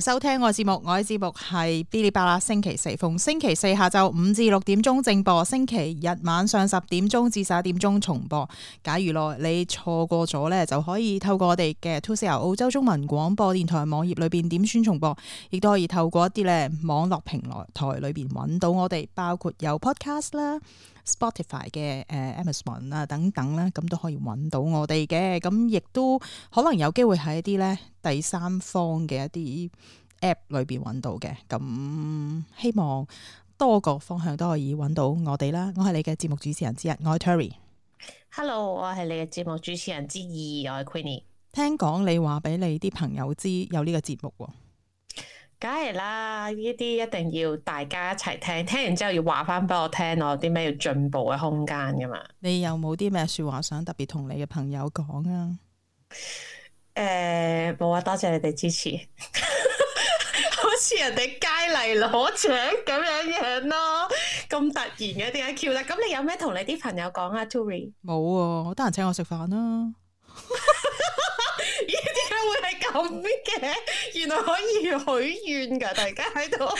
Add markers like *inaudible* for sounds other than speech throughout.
收聽我嘅節目，我嘅節目係嗶哩吧啦，星期四逢星期四下晝五至六點鐘正播，星期日晚上十點鐘至十一點鐘重播。假如咯你錯過咗呢，就可以透過我哋嘅 To Sea 澳洲中文廣播電台網頁裏邊點選重播，亦都可以透過一啲咧網絡平台裏邊揾到我哋，包括有 Podcast 啦。Spotify 嘅誒、uh, Amazon 等等啦，咁都可以揾到我哋嘅，咁亦都可能有機會喺一啲咧第三方嘅一啲 app 裏邊揾到嘅，咁希望多個方向都可以揾到我哋啦。我係你嘅節目主持人之一，我係 Terry。Hello，我係你嘅節目主持人之二，我係 Queenie。聽講你話俾你啲朋友知有呢個節目喎。梗係啦，呢啲一定要大家一齊聽，聽完之後要話翻俾我聽，我有啲咩要進步嘅空間噶嘛？你有冇啲咩說話想特別同你嘅朋友講啊？誒、呃，冇啊，多謝你哋支持， *laughs* *laughs* 好似人哋佳麗攞獎咁樣樣、啊、咯，咁突然嘅點解 Q 啦？咁、啊、你有咩同你啲朋友講啊？Tory 冇喎，得閒、啊、請我食飯啦。 *laughs* *laughs* 咁嘅，原來可以許願噶，突然間喺度。 *laughs*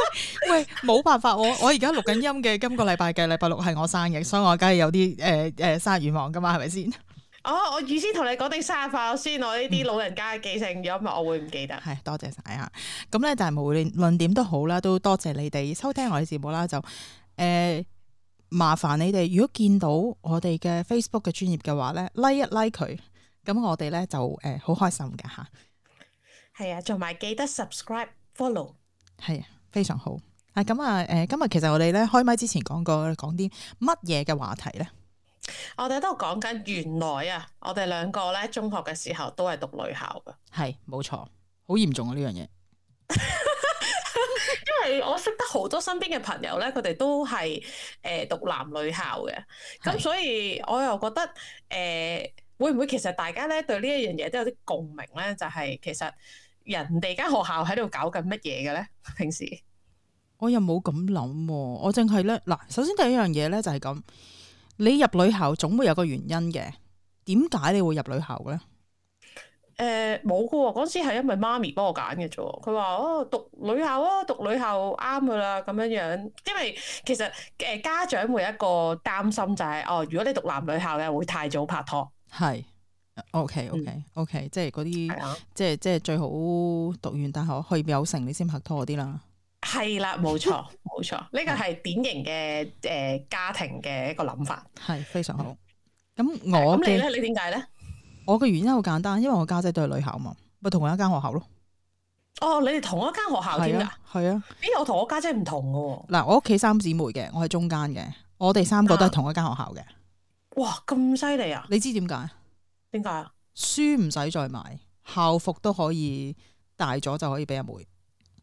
*laughs* 喂，冇辦法，我我而家錄緊音嘅。 *laughs* 今個禮拜嘅禮拜六係我生日，所以我梗係有啲誒誒生日願望噶嘛，係咪先？ *laughs* 哦，我預先同你講定生日快樂先，我呢啲老人家嘅記性，如果唔係、嗯、我會唔記得？係多謝晒啊！咁咧，但係無論論點都好啦，都多謝你哋收聽我嘅節目啦。就誒、呃，麻煩你哋如果見到我哋嘅 Facebook 嘅專頁嘅話咧拉、like、一拉、like、佢。咁我哋咧就誒好、呃、開心嘅吓，係啊，同埋、啊、記得 subscribe follow，係啊，非常好。啊咁啊，誒，今日其實我哋咧開咪之前講過講啲乜嘢嘅話題咧，我哋都講緊原來啊，我哋兩個咧中學嘅時候都係讀女校嘅，係冇錯，好嚴重啊呢樣嘢，這個、 *laughs* 因為我識得好多身邊嘅朋友咧，佢哋都係誒、呃、讀男女校嘅，咁所以我又覺得誒。呃會唔會其實大家咧對呢一樣嘢都有啲共鳴咧？就係其實人哋間學校喺度搞緊乜嘢嘅咧？平時我又冇咁諗，我淨係咧嗱，首先第一樣嘢咧就係咁，你入女校總會有個原因嘅。點解你會入女校咧？誒，冇噶，嗰時係因為媽咪幫我揀嘅啫。佢話哦，讀女校啊，讀女校啱噶啦，咁樣樣。因為其實誒家長會有一個擔心就係哦，如果你讀男女校嘅會太早拍拖。係，OK，OK，OK，即係嗰啲，即係即係最好讀完大學去，有成你先拍拖嗰啲啦。係啦，冇錯，冇錯，呢個係典型嘅誒家庭嘅一個諗法。係非常好。咁我咁你咧？你點解咧？我嘅原因好簡單，因為我家姐都係女校嘛，咪同一間學校咯。哦，你哋同一間學校嘅？係啊。咦，我同我家姐唔同嘅。嗱，我屋企三姊妹嘅，我係中間嘅，我哋三個都係同一間學校嘅。哇，咁犀利啊！你知點解？點解啊？書唔使再買，校服都可以大咗就可以俾阿妹。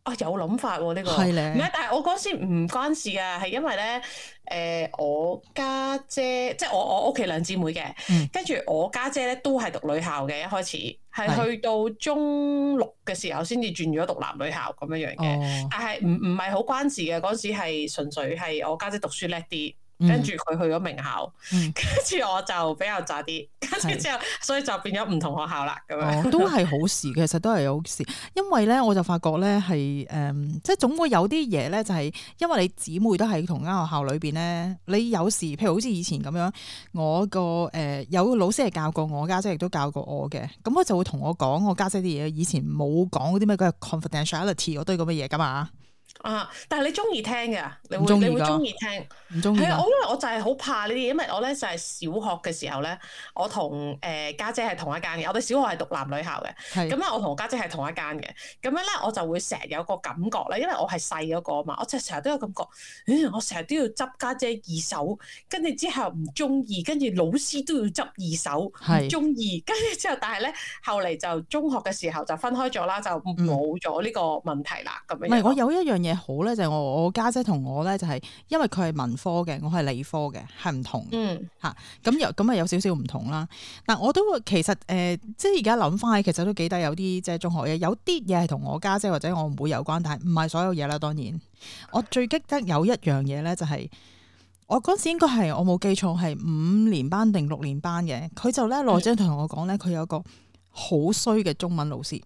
啊，這個、有諗法、啊、呢個，係咧。唔係，但係我嗰時唔關事啊，係因為咧，誒、呃，我家姐，即係、嗯、我我屋企兩姊妹嘅，跟住我家姐咧都係讀女校嘅，一開始係去到中六嘅時候先至轉咗讀男女校咁樣樣嘅。哦、但係唔唔係好關事嘅，嗰時係純粹係我家姐讀書叻啲。跟住佢去咗名校，跟住、嗯、我就比較差啲，跟住之後，是所以就變咗唔同學校啦。咁、哦、樣都係好事，其實都係好事。因為咧，我就發覺咧係誒，即係總會有啲嘢咧，就係因為你姊妹都喺同間學校裏邊咧，你有時譬如好似以前咁樣，我個誒、呃、有個老師係教過我家姐，亦都教過我嘅，咁佢就會同我講我家姐啲嘢，以前冇講嗰啲咩嘅 confidentiality，我都係咁嘅嘢噶嘛。啊！但係你中意聽嘅，你會你會中意聽，唔中意係啊！我因為我就係好怕呢啲，因為我咧就係、是、小學嘅時候咧，我同誒家姐係同一間嘅，我哋小學係讀男女校嘅，咁咧是我同家姐係同一間嘅，咁樣咧我就會成日有個感覺咧，因為我係細嗰個啊嘛，我即係成日都有感覺，欸、我成日都要執家姐、姐二手，跟住之後唔中意，跟住老師都要執二手，唔中意，跟住之後，但係咧後嚟就中學嘅時候就分開咗啦，就冇咗呢個問題啦，咁樣。唔係，我有一樣。嘢好咧，就係、是、我姐姐我家姐同我咧，就係、是、因為佢係文科嘅，我係理科嘅，係唔同嘅，吓咁又咁啊有少少唔同啦。但、啊、我都會其實誒、呃，即係而家諗翻起，其實都記得有啲即係中學嘢，有啲嘢係同我家姐，姐或者我唔妹有關，但係唔係所有嘢啦。當然，我最記得有一樣嘢咧，就係、是、我嗰時應該係我冇記錯係五年班定六年班嘅，佢就咧耐咗同我講咧，佢、嗯、有一個好衰嘅中文老師。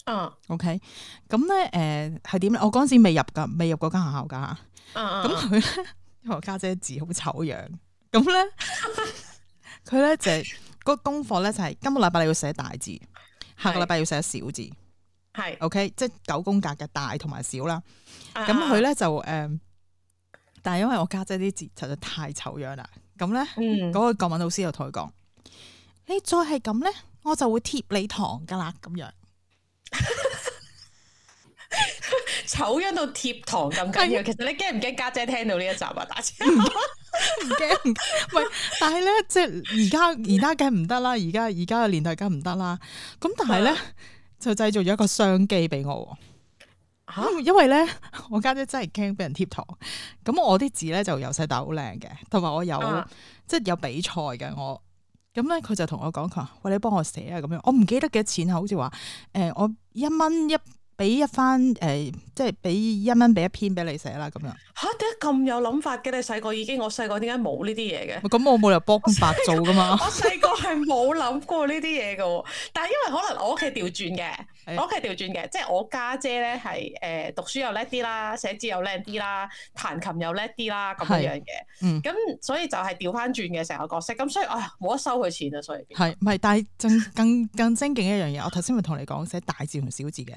Uh, okay? 嗯，OK，咁咧誒係點咧？我嗰陣時未入噶，未入嗰間學校噶吓。咁佢咧，因為我家姐姐字好醜樣，咁咧佢咧就嗰個功課咧就係今個禮拜你要寫大字，下個禮拜要寫小字，係 OK，即係九宮格嘅大同埋小啦。咁佢咧就誒，但係因為我家姐啲字實在太醜樣啦，咁咧嗰個國文老師就同佢講：你再係咁咧，我就會貼你堂噶啦。咁樣。醜樣 *laughs* 到貼堂咁緊要，哎、呦其實你驚唔驚家姐聽到呢一集啊？打字唔驚唔驚，喂！但係咧，即係而家而家梗唔得啦，而家而家嘅年代梗唔得啦。咁但係咧，就製造咗一個商機俾我。吓、啊，因為咧，我家姐，姐真係驚俾人貼堂。咁我啲字咧就由細到大好靚嘅，同埋我有即係、啊、有比賽嘅我。咁咧，佢就同我講佢話，喂，你幫我寫啊，咁樣，我唔記得幾多錢啊，好似話，誒、欸，我一蚊一俾一翻，誒、呃，即係俾一蚊俾一篇俾你寫啦，咁樣。吓，點解咁有諗法嘅？你細個已經，我細個點解冇呢啲嘢嘅？咁我冇理由咁白做噶嘛？ *laughs* 我細個係冇諗過呢啲嘢嘅， *laughs* 但係因為可能我屋企調轉嘅。我係調轉嘅，即係我家姐咧係誒讀書又叻啲啦，寫字又叻啲啦，彈琴又叻啲啦，咁樣嘅。咁、嗯、所以就係調翻轉嘅成個角色。咁所以啊，冇得收佢錢啊，所以。係，唔係？但係更更更精勁一樣嘢，我頭先咪同你講寫大字同小字嘅。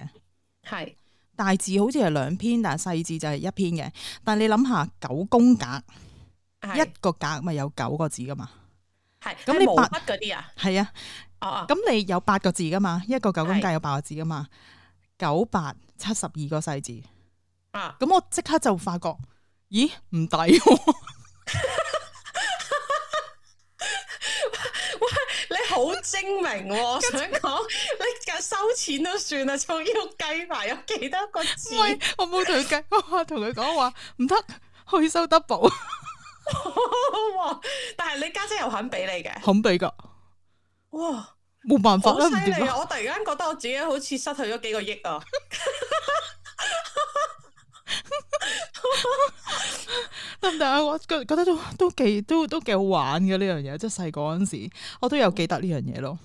係是大字好似係兩篇，但係細字就係一篇嘅。但係你諗下九宮格，是一個格咪有九個字㗎嘛？係是。咁你毛筆嗰啲啊？係啊。咁、啊、你有八個字噶嘛？一個九宮格有八個字噶嘛？九八七十二個細字啊！咁我即刻就發覺，咦唔抵？啊、 *laughs* *laughs* 喂，你好精明！我想講，你收錢都算啦，仲要計埋有幾多個字？唔係，我冇同佢計，我同佢講話唔得，去 *laughs* 收 double。 *laughs* *laughs* 但係你家姐，姐，姐又肯俾你嘅？肯俾噶。哇！冇辦法啦，好犀利！我突然間覺得我自己好似失去咗幾個億啊，得唔得啊？我覺覺得都都幾都都幾好玩嘅，呢樣嘢，即係細個嗰陣時，我都有記得呢樣嘢咯。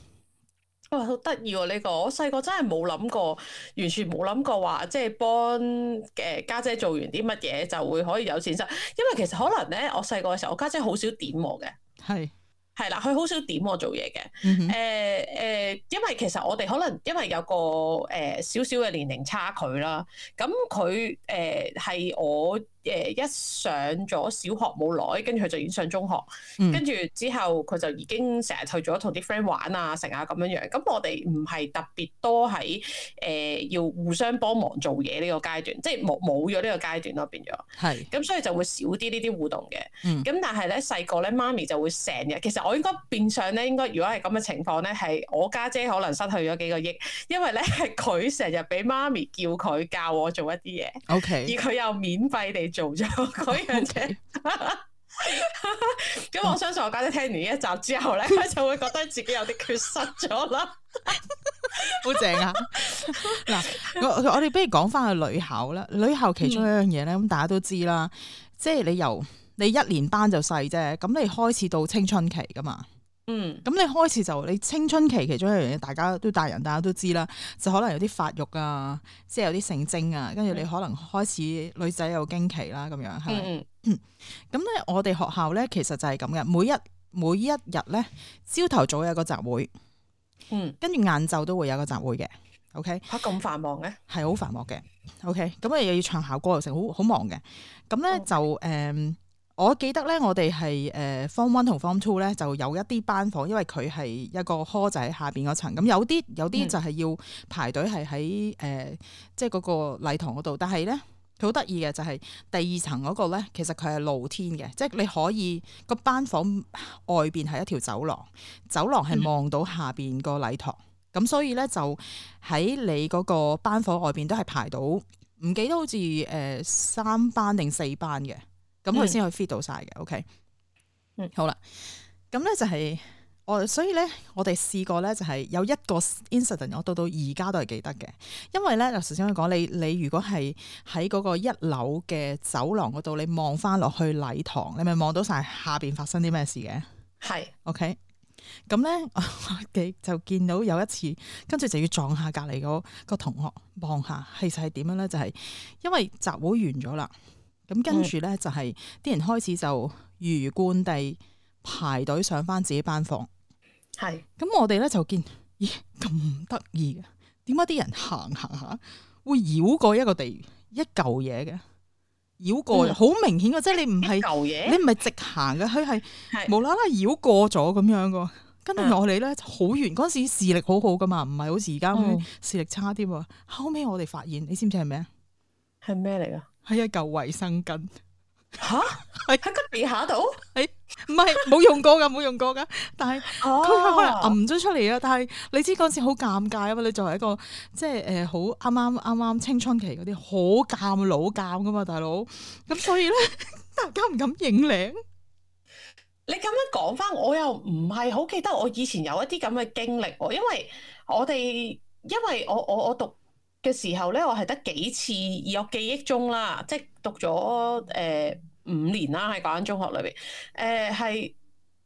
哇，好得意喎！呢個我細個真係冇諗過，完全冇諗過話，即係幫誒家姐做完啲乜嘢，就會可以有錢收，因為其實可能咧，我細個嘅時候，我家姐好少點我嘅，係。 *noise* 係啦，佢好少點我做嘢嘅，誒誒、mm hmm. 呃呃，因為其實我哋可能因為有個誒少少嘅年齡差距啦，咁佢誒係我。誒一上咗小學冇耐，跟住佢就已經上中學，嗯、跟住之後佢就已經成日去咗同啲 friend 玩啊成啊咁樣樣。咁我哋唔係特別多喺誒、呃、要互相幫忙做嘢呢個階段，即係冇冇咗呢個階段咯變咗。係是。咁所以就會少啲呢啲互動嘅。嗯。咁但係咧細個咧媽咪就會成日，其實我應該變相咧，應該如果係咁嘅情況咧，係我家姐可能失去咗幾個億，因為咧係佢成日俾媽咪叫佢教我做一啲嘢。O K。而佢又免費地。做咗嗰樣嘢，咁 *noise* Okay. *laughs* 我相信我家姐聽完呢一集之後咧，佢 *laughs* 就會覺得自己有啲缺失咗啦，好正啊！嗱， *laughs* 我我哋不如講翻去女校啦，女校其中一樣嘢咧，咁、嗯、大家都知啦，即係你由你一年班就細啫，咁你開始到青春期噶嘛。嗯，咁你開始就你青春期其中一樣嘢，大家都大人，大家都知啦，就可能有啲發育啊，即係有啲性徵啊，跟住、嗯、你可能開始女仔有經期啦、啊，咁樣係。嗯，咁咧我哋學校咧，其實就係咁嘅，每一每一日咧，朝頭早有個集會，跟住晏晝都會有個集會嘅。O K 嚇咁繁忙嘅，係好繁忙嘅。O K 咁你又要唱校歌又成，好好忙嘅。咁咧 Okay. 就誒。Um, 我記得咧，我哋係誒 Form One 同 Form Two 咧，就有一啲班房，因為佢係一個呵仔喺下邊嗰層。咁有啲有啲就係要排隊，係喺誒即係嗰個禮堂嗰度。但係咧，佢好得意嘅就係、是、第二層嗰個咧，其實佢係露天嘅，即、就、係、是、你可以個班房外邊係一條走廊，走廊係望到下邊個禮堂。咁、嗯、所以咧，就喺你嗰個班房外邊都係排到唔記得好似誒三班定四班嘅。咁佢先可以 fit 到晒嘅，OK，嗯，okay? 嗯好啦，咁咧就係、是、我，所以咧我哋試過咧就係有一個 incident，我到到而家都係記得嘅，因為咧頭先講你你如果係喺嗰個一樓嘅走廊嗰度，你望翻落去禮堂，你咪望到晒下邊發生啲咩事嘅，係是，OK，咁咧 *laughs* 就見到有一次，跟住就要撞下隔離嗰個同學，望下其實係點樣咧？就係、是、因為集會完咗啦。咁跟住咧就係、是、啲 Yes. 人開始就魚貫地排隊上返自己班房。係。咁我哋咧就見，咦咁得意嘅？點解啲人行行下會繞過一個地一嚿嘢嘅？繞過好、嗯、明顯嘅，即係你唔係嚿嘢，你唔係直行嘅，佢係無啦啦繞過咗咁樣噶。是跟住我哋咧好遠嗰陣時視力好好噶嘛，唔係好似而家咁視力差啲喎。後尾我哋發現，你知唔知係咩？係咩嚟㗎？係一嚿衛生巾，吓？係喺個地下度？係唔係？冇用過噶，冇用過噶。但係佢係咪揞咗出嚟啊？但係你知嗰陣時好尷尬啊嘛！你作為一個即係誒，好啱啱啱啱青春期嗰啲，好尷老尷噶嘛，大佬。咁所以咧，大家唔敢認領。你咁樣講翻，我又唔係好記得我以前有一啲咁嘅經歷，因為我哋，因為我我我讀。嘅時候咧，我係得幾次而我記憶中啦，即係讀咗誒、呃、五年啦，喺嗰間中學裏邊，誒、呃、係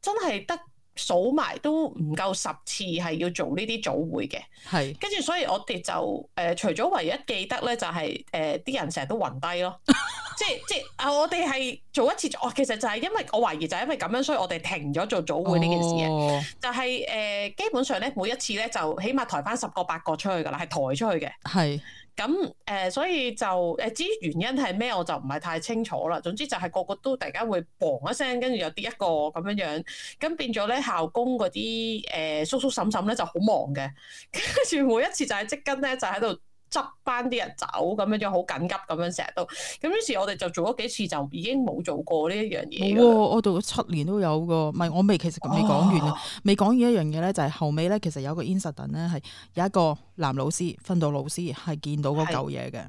真係得。數埋都唔夠十次係要做呢啲組會嘅，係是，跟住所以我哋就誒、呃、除咗唯一記得咧就係誒啲人成日都暈低咯， *laughs* 即係即係、呃、我哋係做一次哦，其實就係因為我懷疑就係因為咁樣，所以我哋停咗做組會呢件事嘅，哦、就係、是、誒、呃、基本上咧每一次咧就起碼抬翻十個八個出去噶啦，係抬出去嘅，係。咁誒、呃，所以就誒，至於原因係咩，我就唔係太清楚啦。總之就係個個都突然間會嘣一聲，跟住又跌一個咁樣樣，咁變咗咧校工嗰啲誒叔叔嬸嬸咧就好忙嘅，跟住每一次就係積金咧就喺度。執班啲人走咁樣就好緊急咁樣，成日都咁，於是我哋就做咗幾次就已經冇做過呢一樣嘢。冇我讀咗七年都有噶，唔係我未其實未講完、哦、未講完一樣嘢咧就係、是、後尾咧其實有個 incident 咧係有一個男老師訓導老師係見到嗰嚿嘢嘅，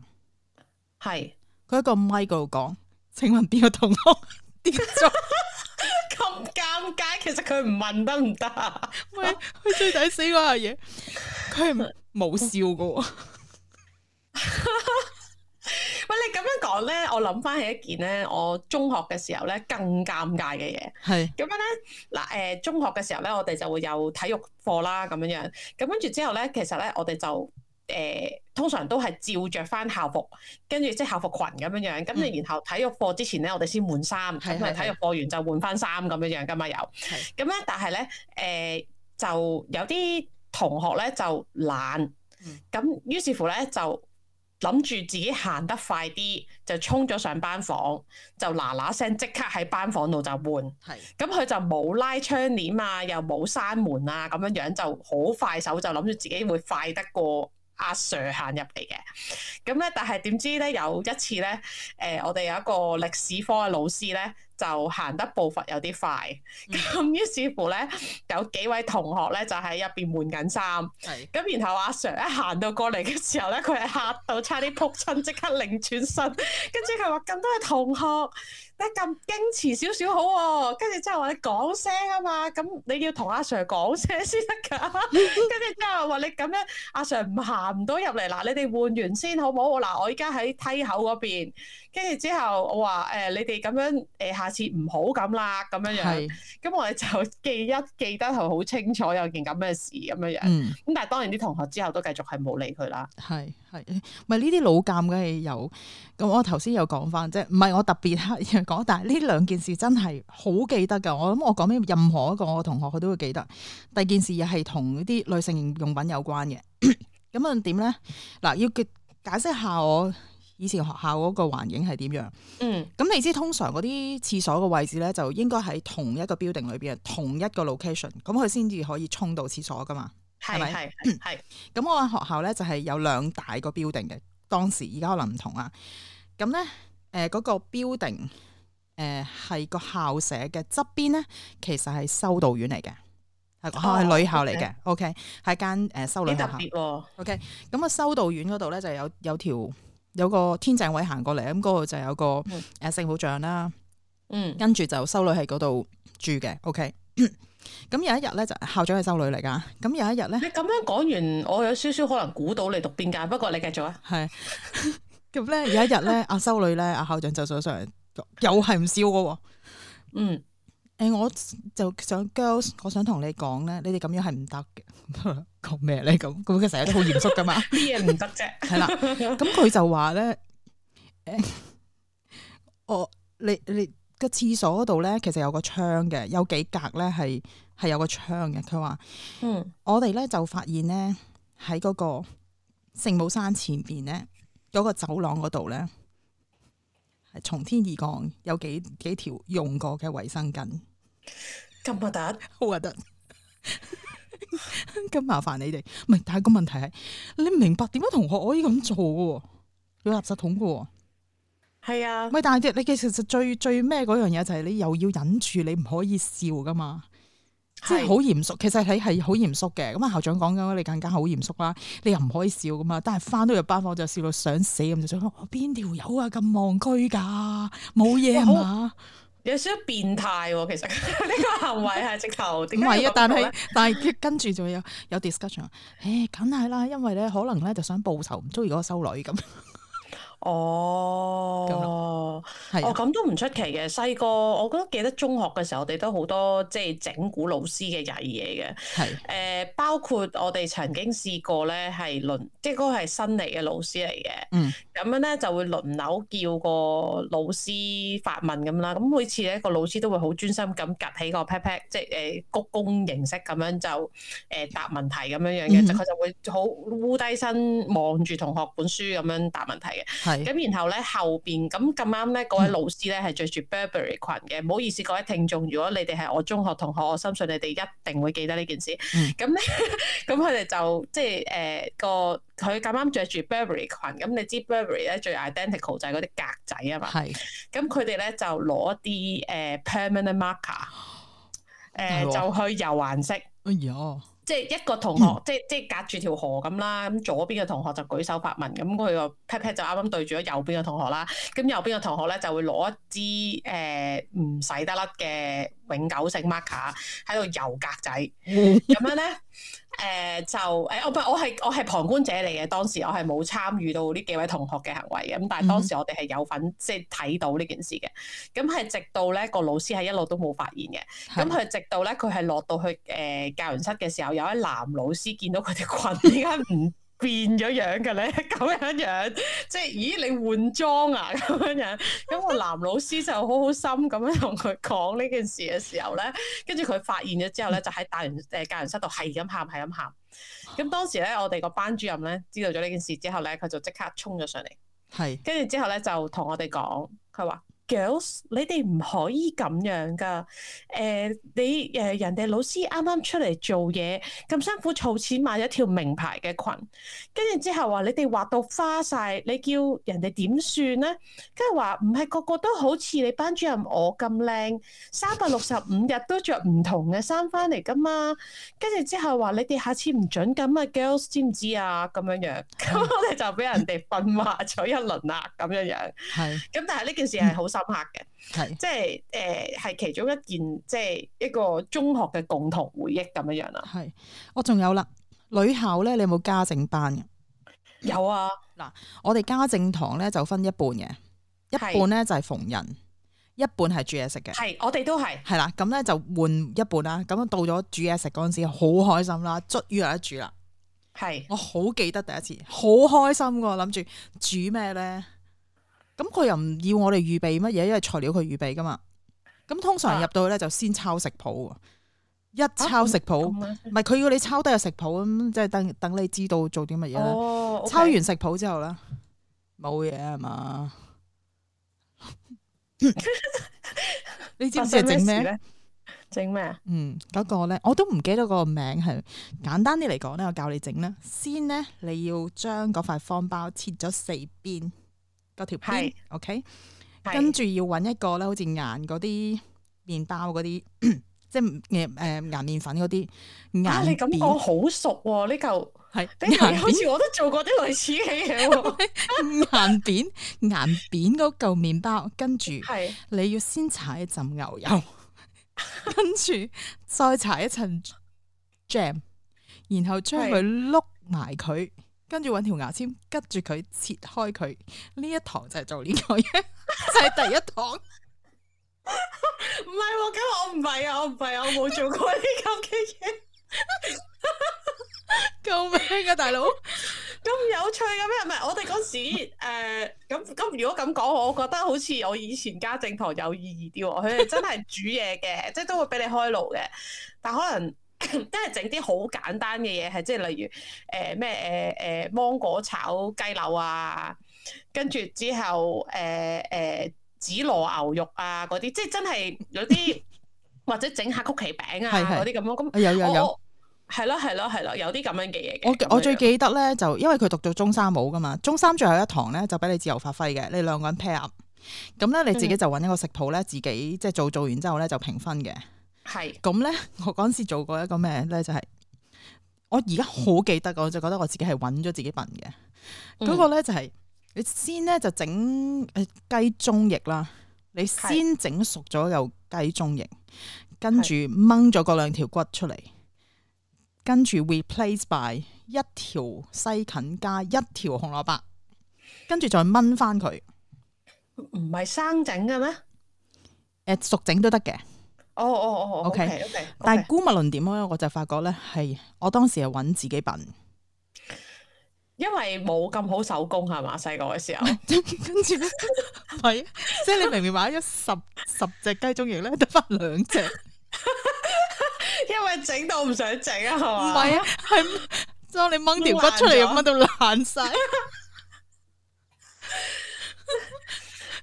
係佢喺個咪嗰度講，請問邊個同學跌咗，咁尷尬？其實佢唔問得唔得？唔係佢最抵死嗰下嘢，佢係冇笑噶。喂， *laughs* 你咁樣講咧，我諗翻起一件咧，我中學嘅時候咧更尷尬嘅嘢係咁樣咧。嗱，誒，中學嘅時候咧，我哋就會有體育課啦，咁樣樣。咁跟住之後咧，其實咧，我哋就誒，通常都係照着翻校服，跟住即係校服裙咁樣樣。咁你然後體育課之前咧，我哋先換衫，咁咪是體育課完就換翻衫咁樣樣噶嘛？有咁咧，但係咧，誒、呃，就有啲同學咧就懶，咁於是，是，是乎咧就。就諗住自己行得快啲，就衝咗上班房，就嗱嗱聲即刻喺班房度就換。係是，咁佢就冇拉窗簾啊，又冇閂門啊，咁樣樣就好快手就諗住自己會快得過阿 Sir 行入嚟嘅。咁咧，但係點知咧有一次咧，誒、呃、我哋有一個歷史科嘅老師咧。就行得步伐有啲快，咁、嗯、於是乎咧，有幾位同學咧就喺入邊換緊衫，咁的然後阿、啊、Sir 一行到過嚟嘅時候咧，佢係嚇到差啲仆親，即刻擰轉身，跟住佢話咁多位同學。你咁矜持少少好、哦，跟住之後話你講聲啊嘛，咁你要同阿 Sir 講聲先得噶。跟住之後話你咁樣，阿 Sir 唔行唔到入嚟，嗱，你哋換完先好唔好？嗱，我而家喺梯口嗰邊，跟住之後我話誒、呃、你哋咁樣誒、呃，下次唔好咁啦，咁樣樣。咁是我哋就記一記得係好清楚有件咁嘅事咁樣樣。咁、嗯、但係當然啲同學之後都繼續係冇理佢啦。係。係，咪呢啲老鑑嘅有？咁我頭先又講翻啫，唔係我特別刻意講，但係呢兩件事真係好記得噶。我諗我講俾任何一個我同學佢都會記得。第二件事又係同呢啲女性用品有關嘅。咁 *coughs* 樣點呢？嗱，要解釋下我以前學校嗰個環境係點樣？嗯，咁你知通常嗰啲廁所嘅位置呢，就應該喺同一個 building 裏邊，同一個 location，咁佢先至可以沖到廁所噶嘛。係咪？係，係。咁 *coughs* 我個學校咧就係、是、有兩大個 building 嘅，當時而家可能唔同啊。咁咧，誒、呃、嗰、那個 building，誒係個校舍嘅側邊咧，其實係修道院嚟嘅，係、哦、女校嚟嘅。O K，係間誒修女學校。O K，咁啊修道院嗰度咧就有有條有個天井位行過嚟，咁嗰度就有個誒聖母像啦。嗯，啊啊、嗯跟住就修女喺嗰度住嘅。O、okay、K。 *coughs* 咁有一日咧就校長係修女嚟噶，咁有一日咧，你咁樣講完，我有少少可能估到你讀邊間，不過你繼續啊。係是，咁 *laughs* 咧有一日咧，阿、 *laughs* 啊、修女咧，阿校長就上上嚟，又係唔笑噶。嗯，誒、欸，我就想 girls，我想同你講咧，你哋咁樣係唔得嘅。講咩咧咁？咁佢成日都好嚴肅噶嘛？啲嘢唔得啫。係啦， *laughs* 咁佢就話咧，誒、欸，我你你。你你個廁所嗰度咧，其實有個窗嘅，有幾格咧係係有個窗嘅。佢話：嗯，我哋咧就發現咧喺嗰個聖母山前邊咧嗰個走廊嗰度咧，係從天而降有幾幾條用過嘅衛生巾，咁核突，好核突，咁麻煩你哋。唔係，但係個問題係你唔明白點解同學可以咁做嘅？有垃圾桶嘅。係啊，咪但係你其實最最咩嗰樣嘢就係、是、你又要忍住，你唔可以笑噶嘛，是即係好嚴肅。其實你係好嚴肅嘅，咁啊校長講嘅話你更加好嚴肅啦。你又唔可以笑噶嘛，但係翻到入班房就笑到想死咁，就想我邊條友啊咁望佢噶，冇嘢嘛，有少少變態其實呢、啊、 *laughs* 個行為係直頭，唔係 *laughs* 啊。但係 *laughs* 但係跟住就有有 discussion，梗係啦，因為咧可能咧就想報仇，唔中意嗰個修女咁。 *laughs* 哦，係樣，哦咁都唔出奇嘅。細個，我覺得記得中學嘅時候，我哋都好多即係整蠱老師嘅曳嘢嘅。係是，誒、呃、包括我哋曾經試過咧，係輪即係嗰個係新嚟嘅老師嚟嘅。嗯，咁樣咧就會輪流叫個老師發問咁啦。咁每次咧個老師都會好專心咁趌起個 pat pat，即係誒、呃、鞠躬形式咁樣就誒、呃、答問題咁樣樣嘅。佢、嗯、哼就會好烏低身望住同學本書咁樣答問題嘅。嗯嗯。咁然後咧後邊咁咁啱咧，嗰位老師咧係、嗯、着住 Burberry 裙嘅，唔好意思，各位聽眾，如果你哋係我中學同學，我相信你哋一定會記得呢件事。咁咧、嗯，咁佢哋就即係誒個佢咁啱着住 Burberry 裙，咁你知 Burberry 咧最 identical 就係嗰啲格仔啊嘛。係是。咁佢哋咧就攞啲誒 permanent marker，誒、呃哎、呦就去油顏色。哎呦！即係一個同學，嗯、即係即係隔住條河咁啦，咁左邊嘅同學就舉手發問，咁佢個 pat pat 就啱啱對住咗右邊嘅同學啦，咁右邊嘅同學咧就會攞一支誒唔使得甩嘅永久性 marker 喺度游格仔，咁、嗯、樣咧。 *laughs* 誒、呃、就誒、哎，我唔係我係我係旁觀者嚟嘅。當時我係冇參與到呢幾位同學嘅行為嘅，咁但係當時我哋係有份、嗯、即係睇到呢件事嘅。咁係直到咧個老師係一路都冇發現嘅。咁佢的直到咧佢係落到去誒教員室嘅時候，有一男老師見到佢哋「群，點解唔？變咗樣嘅咧，咁樣樣，即係，咦，你換裝啊，咁樣樣。咁個男老師就好好心咁樣同佢講呢件事嘅時候咧，跟住佢發現咗之後咧，就喺大人、呃、教員室度係咁喊，係咁喊。咁當時咧，我哋個班主任咧知道咗呢件事之後咧，佢就即刻衝咗上嚟，係是。跟住之後咧就同我哋講，佢話。girls，你哋唔可以咁樣噶。誒、呃，你誒、呃、人哋老師啱啱出嚟做嘢，咁辛苦儲錢買咗條名牌嘅裙，跟住之後話你哋畫到花晒，你叫人哋點算咧？跟住話唔係個個都好似你班主任我咁靚，三百六十五日都着唔同嘅衫翻嚟噶嘛？跟住之後話你哋下次唔准咁啊，girls 知唔知啊？咁樣樣，咁我哋就俾人哋訓話咗一輪啦，咁樣樣。係，咁但係呢件事係好深。客嘅，係是即係誒，係、呃、其中一件，即係一個中學嘅共同回憶咁樣樣啦。係，我仲有啦，女校咧，你有冇家政班嘅？有啊，嗱，我哋家政堂咧就分一半嘅，一半咧是就係縫紉，一半係煮嘢食嘅。係，我哋都係，係啦，咁咧就換一半啦。咁到咗煮嘢食嗰陣時，好開心啦，終於一煮啦。係是，我好記得第一次，好開心噶，諗住煮咩咧？咁佢又唔要我哋預備乜嘢，因為材料佢預備噶嘛。咁通常入到咧就先抄食譜，啊、一抄食譜，唔係佢、啊、要你抄低個食譜咁，即、就、係、是、等等你知道做啲乜嘢啦。哦 okay、抄完食譜之後咧，冇嘢係嘛？ *laughs* *laughs* 你知唔知係整咩咧？整咩啊？嗯，嗰、那個咧我都唔記得個名，係簡單啲嚟講咧，我教你整啦。先咧，你要將嗰塊方包切咗四邊。個條邊，OK，跟住是要搵一個咧，好似硬嗰啲麵包嗰啲，即係誒誒硬麵粉嗰啲硬。你咁講好熟喎、哦，呢嚿係好似我都做過啲類似嘅嘢喎。硬扁， *laughs* 硬扁嗰嚿麵包，跟住你要先搽一浸牛油，是跟住再搽一層 jam，然後將佢碌埋佢。跟住揾條牙籤，拮住佢切開佢。呢一堂就係做呢個嘢，就 *laughs* 係第一堂。唔係、 *laughs* 啊，今日我唔係啊，我唔係、啊，我冇做過呢咁嘅嘢。 *laughs* 救命啊，大佬！咁有趣嘅咩？唔係我哋嗰時誒，咁咁、 *laughs* 呃、如果咁講，我覺得好似我以前家政堂有意義啲。佢哋真係煮嘢嘅， *laughs* 即係都會俾你開爐嘅。但可能。 *laughs* 都係整啲好簡單嘅嘢，係即係例如誒咩誒誒芒果炒雞柳啊，跟住之後誒誒、呃呃、紫羅牛肉啊嗰啲，即係真係有啲 *laughs* 或者整下曲奇餅啊嗰啲咁咯。咁有，有有有，係咯係咯係咯，有啲咁樣嘅嘢。我我最記得咧，就因為佢讀咗中三冇噶嘛，中三最後一堂咧就俾你自由發揮嘅，你兩個人 pair，咁咧你自己就搵一個食譜咧，自己即係做做完之後咧就評分嘅。 *laughs* 係咁咧，我嗰陣時做過一個咩咧？就係、是、我而家好記得，我就覺得我自己係揾咗自己笨嘅。嗰、嗯、個咧就係、是、你先咧就整誒雞中翼啦，是你先整熟咗嚿雞中翼，跟住掹咗嗰兩條骨出嚟，跟住 replace by 一條西芹加一條紅蘿蔔，跟住再掹翻佢。唔係生整嘅咩？誒、欸，熟整都得嘅。哦哦哦 OK 但係估，物論點咧，我就發覺咧係，我當時係搵自己笨，因為冇咁好手工係嘛，細個嘅時候， *laughs* 跟住咧，係， *laughs* 即係你明明買咗十十隻雞中翼咧，得翻兩隻， *laughs* 因為整到唔想整啊，係嘛，唔係啊，係將你掹條骨出嚟，掹到爛晒，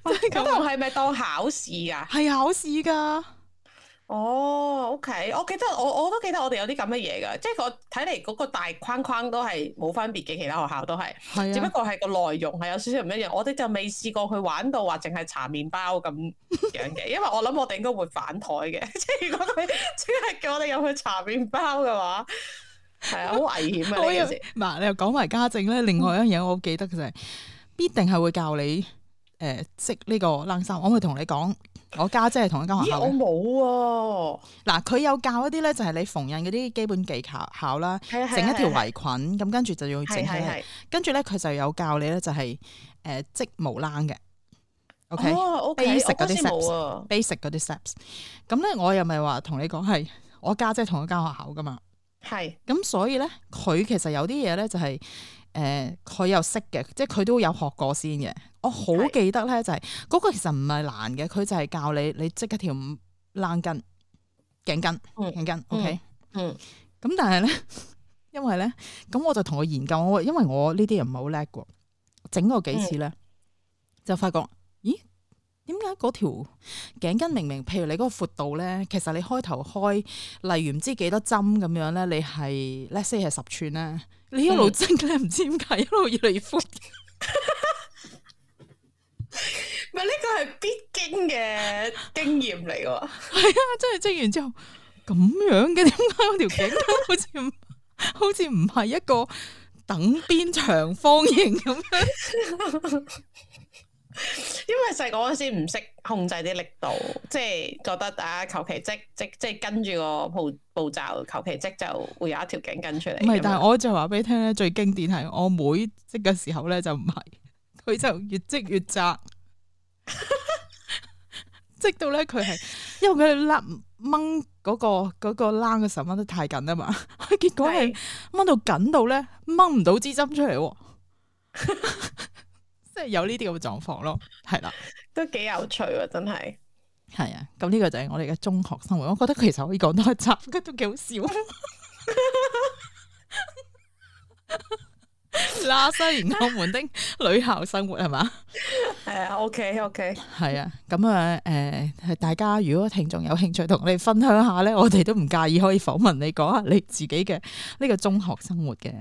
咁係咪當考試啊？係考試噶。哦、oh，OK，我記得我我都記得我哋有啲咁嘅嘢噶，即係我睇嚟嗰個大框框都係冇分別嘅，其他學校都係，啊、只不過係個內容係有少少唔一樣。我哋就未試過去玩到話淨係查麪包咁樣嘅，因為我諗我哋應該會反台嘅，即係如果佢即係叫我哋入去查麪包嘅話，係啊，好危險啊！嗱 *laughs* 有， *laughs* 你又講埋家政咧， *laughs* 另外一樣嘢我好記得嘅就係必定係會教你誒織呢個冷衫，我會同你講。我家姐係同一間學校。咦？我冇喎。嗱，佢有教一啲咧，就係你縫紉嗰啲基本技巧考啦。係啊整一條圍裙，咁跟住就要整起嚟。係係跟住咧，佢就有教你咧，就係誒織毛冷嘅。OK。哦，OK，我先冇啊。basic 嗰啲 steps。咁咧，我又咪話同你講係我家姐同一間學校噶嘛。係的。咁所以咧，佢其實有啲嘢咧，就係誒佢又識嘅，即係佢都有學過先嘅。我好記得咧、就是，就係嗰個其實唔係難嘅，佢就係教你，你即刻條冷巾頸巾、頸巾，OK，嗯。咁 Okay?、嗯嗯、但係咧，因為咧，咁我就同佢研究，我因為我呢啲人唔係好叻嘅，整過幾次咧，嗯、就發覺，咦，點解嗰條頸巾明明，譬如你嗰個闊度咧，其實你開頭開，例如唔知幾多針咁樣咧，你係 let's say 係十吋咧，吋嗯、你一路織咧，唔知點解一路越嚟越闊。 *laughs* 咪呢個係必經嘅經驗嚟嘅，係啊，真係織完之後咁樣嘅，點解我條頸巾好似 *laughs* 好似唔係一個等邊長方形咁樣？ *laughs* 因為細個嗰時唔識控制啲力度，即係覺得啊，求其織織，即係跟住個步步驟，求其織就會有一條頸巾出嚟。唔係是，樣但係我就話俾你聽咧，最經典係我妹織嘅時候咧，就唔係。佢就越積越窄，積 *laughs* 到咧佢係，因為佢哋甩掹嗰個嗰、嗰個窿嘅時候掹得太緊啊嘛，結果係掹到緊到咧掹唔到支針出嚟，即係 *laughs* *laughs* 有呢啲咁嘅狀況咯，係啦，都幾有趣真啊，真係，係啊，咁呢個就係我哋嘅中學生活，我覺得其實可以講多一集，都幾好笑。 *laughs* *laughs* 嗱，雖然我們的女校生活係嘛？啊 OK OK，係、okay. *laughs* 啊，咁啊，誒、呃，大家如果聽眾有興趣同你分享下咧，我哋都唔介意可以訪問你講下你自己嘅呢個中學生活嘅。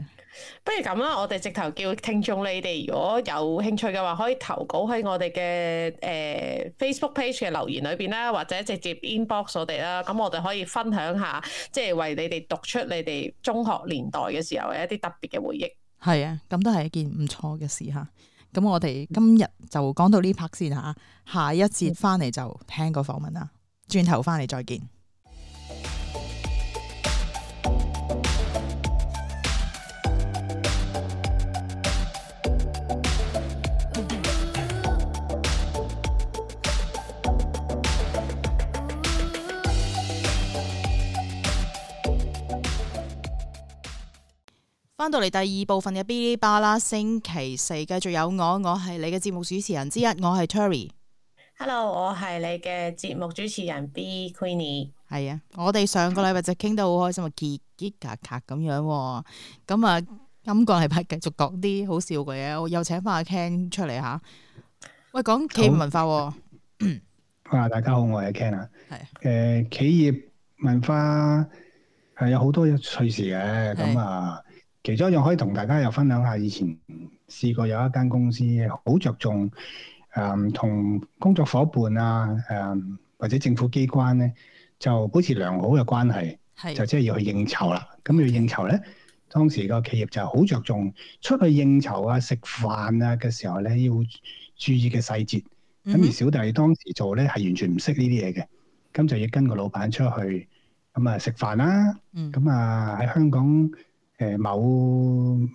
不如咁啦，我哋直頭叫聽眾你哋如果有興趣嘅話，可以投稿喺我哋嘅誒 Facebook page 嘅留言裏邊啦，或者直接 inbox 我哋啦，咁我哋可以分享下，即、就、係、是、為你哋讀出你哋中學年代嘅時候嘅一啲特別嘅回憶。係啊，咁都係一件唔錯嘅事哈。咁我哋今日就講到呢 part 先吓，下一節翻嚟，就聽個訪問啦。轉頭翻嚟，再見。翻到嚟第二部分嘅 Bilibala，星期四繼續有我，我係你嘅節目主持人之一，我係 Terry。Hello，我係你嘅節目主持人 B Queenie。係啊，我哋上個禮拜就傾得好開心啊，嘰嘰咔咔咁樣。咁啊，今個禮拜繼續講啲好笑嘅嘢，我又請翻阿 Ken 出嚟吓。喂，講企業文化。啊，大家好，我係 Ken 啊。係。誒，企業文化係有好多趣事嘅，咁啊。其中又可以同大家又分享下，以前試過有一間公司好着重，誒、嗯、同工作夥伴啊，誒、嗯、或者政府機關咧，就保持良好嘅關係，是就即係要去應酬啦。咁是要應酬咧，Okay. 當時個企業就好着重出去應酬啊、食飯啊嘅時候咧，要注意嘅細節，咁、mm hmm. 而小弟當時做咧，係完全唔識呢啲嘢嘅，咁就要跟個老闆出去，咁啊食飯啦，咁啊喺香港，誒、某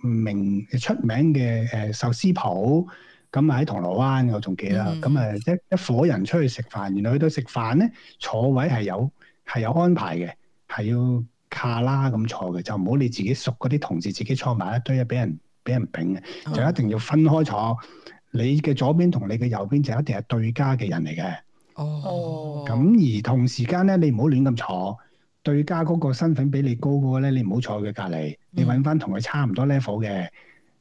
名出名嘅誒、呃、壽司鋪，咁啊喺銅鑼灣，我仲記得。咁啊、嗯、一一夥人出去食飯，原來去到食飯咧，坐位係有係有安排嘅，係要卡啦咁坐嘅，就唔好你自己熟嗰啲同事自己坐埋一堆啊，俾人俾人擰嘅，就一定要分開坐。哦、你嘅左邊同你嘅右邊就一定係對家嘅人嚟嘅。哦。咁、嗯、而同時間咧，你唔好亂咁坐。對家嗰個身份比你高嘅話咧，你唔好坐佢隔離，你搵返同佢差唔多 level 嘅。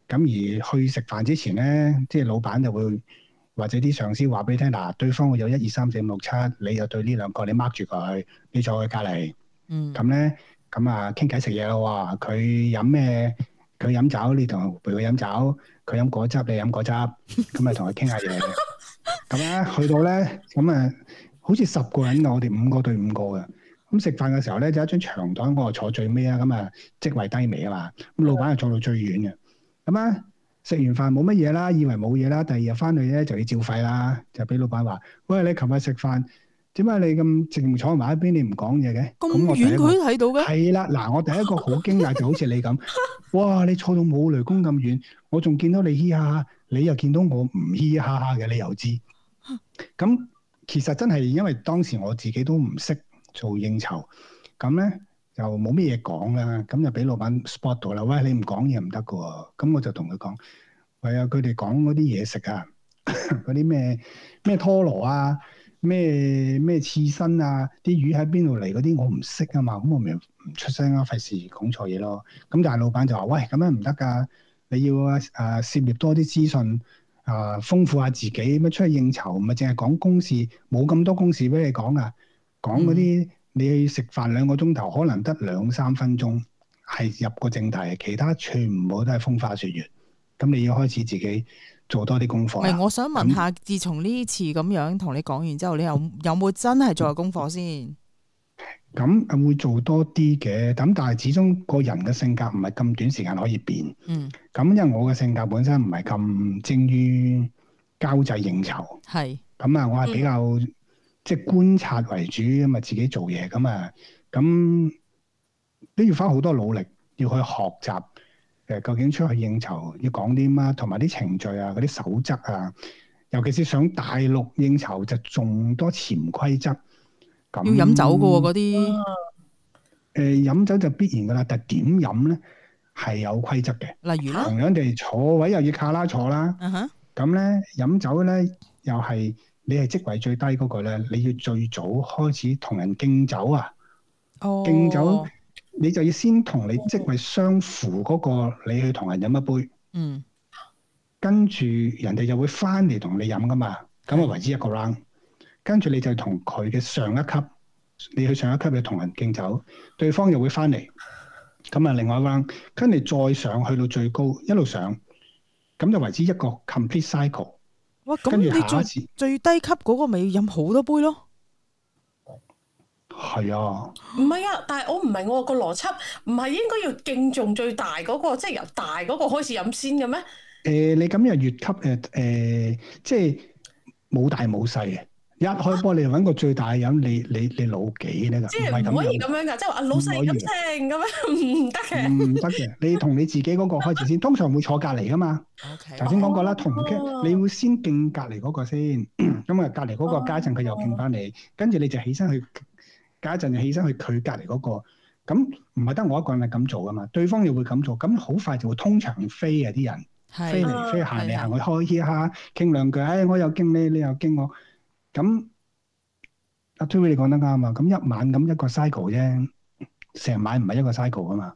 咁而去食飯之前咧，即係老闆就會或者啲上司話俾你聽，嗱，對方會有一二三四五六七，你又對呢兩個，你 mark 住佢，你坐佢隔離。咁咧、嗯，咁啊傾偈食嘢啦喎，佢飲咩？佢飲酒，你同陪佢飲酒；佢飲果汁，你飲果汁。咁啊，同佢傾下嘢。咁咧，去到咧，咁啊，好似十個人我哋五個對五個嘅。咁食飯嘅時候咧，就一張長台，我係坐最尾啊，咁啊職位低微啊嘛。咁老闆係坐到最遠嘅，咁啊食完飯冇乜嘢啦，以為冇嘢啦。第二日翻去咧就要照肺啦，就俾老闆話：喂，你琴日食飯，點解你咁靜坐埋一邊，你唔講嘢嘅？咁遠佢都睇到嘅。係啦，嗱，我第一個好驚訝就好似你咁， *laughs* 哇！你坐到冇雷公咁遠，我仲見到你嘻嘻，你又見到我唔嘻嘻嘅，你又知。咁其實真係因為當時我自己都唔識。做應酬，咁咧就冇咩嘢講啦。咁就俾老闆 spot 到啦。喂，你唔講嘢唔得噶喎。咁我就同佢講，喂啊，佢哋講嗰啲嘢食啊，嗰啲咩咩拖羅啊，咩咩刺身啊，啲魚喺邊度嚟嗰啲我唔識啊嘛。咁我咪唔出聲、啊、咯，費事講錯嘢咯。咁但係老闆就話：喂，咁樣唔得噶，你要啊啊涉獵多啲資訊啊，豐富下自己。咁啊出去應酬，唔係淨係講公事，冇咁多公事俾你講啊。講嗰啲你去食飯兩個鐘頭，可能得兩三分鐘係入個正題，其他全部都係風花雪月。咁你要開始自己做多啲功課。唔係，我想問下，自從呢次咁樣同你講完之後，你有有冇真係做過功課先？咁會做多啲嘅，咁但係始終個人嘅性格唔係咁短時間可以變。嗯。咁、嗯嗯嗯、因為我嘅性格本身唔係咁精於交際應酬。係是。咁啊、嗯，我係比較。即係觀察為主，咁咪自己做嘢咁啊！咁都要花好多努力，要去學習。誒、呃，究竟出去應酬要講啲乜，同埋啲程序啊、嗰啲守則啊。尤其是上大陸應酬就仲多潛規則。要飲酒㗎喎嗰啲。誒、嗯，飲、呃呃、酒就必然嘅啦，但係點飲咧係有規則嘅。例如咧。同樣地，坐位又要卡拉坐啦。啊哈、uh。咁咧飲酒咧又係。你係職位最低嗰個咧，你要最早開始同人敬酒啊！敬酒，oh. 你就要先同你職位相符嗰個，你去同人飲一杯。嗯。Mm. 跟住人哋就會翻嚟同你飲噶嘛，咁啊為之一個 round。跟住你就同佢嘅上一級，你去上一級去同人敬酒，對方又會翻嚟。咁啊，另外一 round 跟住再上去到最高，一路上咁就為之一個 complete cycle。哇！咁你最最低級嗰個咪要飲好多杯咯？係啊，唔係 *noise* 啊？但係我唔明我個邏輯，唔係應該要敬重最大嗰、那個，即、就、係、是、由大嗰個開始飲先嘅咩？誒、呃，你咁樣越級誒誒、呃呃，即係冇大冇細嘅。一開波，你就揾個最大嘅人，你你你老幾咧？唔係咁樣噶，即係話老細咁剩咁樣，唔得嘅，唔得嘅。 *laughs* 你同你自己嗰個開始先，通常會坐隔籬噶嘛。頭先講過啦，同你、那個、會先敬隔籬嗰個先，咁啊隔籬嗰個家陣佢又敬翻你，跟住、哦、你就起身去家一陣，就起身去佢隔籬嗰個。咁唔係得我一個人係咁做噶嘛？對方又會咁做，咁好快就會通常飛啊！啲人的飛嚟飛去行嚟行去開下傾兩句，哎，我又敬你，你又敬我。咁阿 t w i e 你講得啱啊！咁一晚咁一個 cycle 啫，成晚唔係一個 cycle 啊嘛，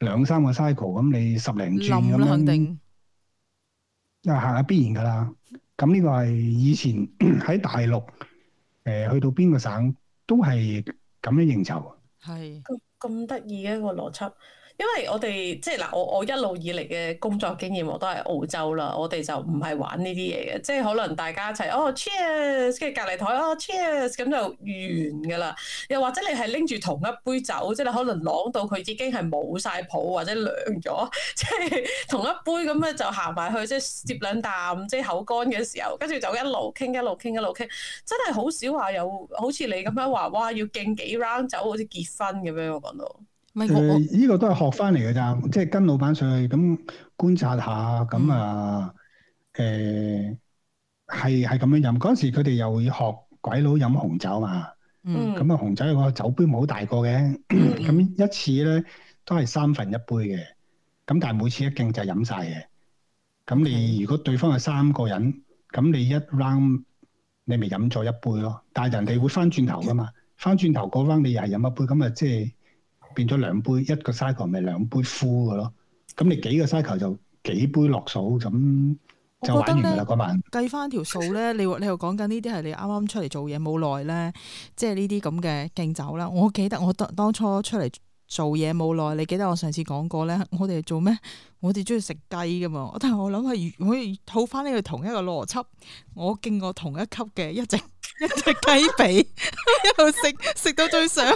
兩三個 cycle 咁你十零轉咁肯定，因行下必然噶啦。咁呢個係以前喺 *laughs* 大陸，誒、呃、去到邊個省都係咁樣應酬。係咁咁得意嘅一個邏輯。因為我哋即係嗱，我我一路以嚟嘅工作經驗，我都係澳洲啦。我哋就唔係玩呢啲嘢嘅，即係可能大家一齊哦、oh, cheers 跟住隔離台哦 cheers，咁就完㗎啦。又或者你係拎住同一杯酒，即係你可能攞到佢已經係冇晒泡或者涼咗，即係同一杯咁樣就行埋去，即係啜兩啖，即係口乾嘅時候，跟住就一路傾一路傾一路傾，真係好少話有好似你咁樣話哇要敬幾 round 酒好似結婚咁樣我講到。誒，呢、呃，這個都係學翻嚟嘅咋，即係跟老闆上去咁觀察下，咁啊，誒、嗯，係係咁樣飲。嗰時佢哋又要學鬼佬飲紅酒嘛，咁啊、嗯嗯嗯、紅酒個酒杯冇好大個嘅，咁、嗯、 *coughs* 一次咧都係三分一杯嘅，咁但係每次一敬就飲晒嘅。咁你如果對方係三個人，咁你一 round 你咪飲咗一杯咯。但係人哋會翻轉頭噶嘛，翻轉頭嗰 round 你又係飲一杯，咁啊，即係。變咗兩杯，一個 size 球咪兩杯敷嘅咯。咁你幾個 size 球就幾杯落數，咁就玩完嘅啦嗰晚。計翻條數咧， *laughs* 你你又講緊呢啲係你啱啱出嚟做嘢冇耐咧，即係呢啲咁嘅敬酒啦。我記得我當當初出嚟，做嘢冇耐，你記得我上次講過咧，我哋做咩？我哋中意食雞噶嘛？但係我諗係可以套翻呢個同一個邏輯，我勁過同一級嘅一隻一隻雞髀， *laughs* 一路食食到最上，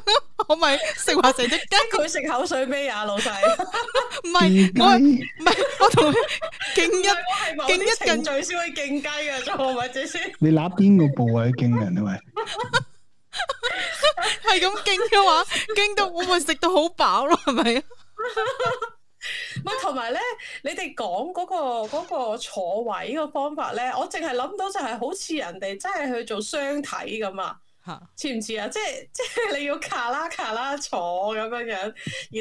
我咪食埋成隻雞，佢食口水咩啊？老細，唔係 *laughs* 是雞我唔係我同佢勁一勁一陣嘴先可以勁雞㗎啫，仲或者先你揦邊個部位勁嘅呢位？ *laughs* *laughs* 係咁勁嘅話，驚到會唔會食到好飽咯，係咪？唔係同埋咧，你哋講嗰個、嗰個坐位個方法咧，我淨係諗到就係好似人哋真係去做雙體咁啊，似唔似啊？即係即係你要卡啦卡啦坐咁樣樣，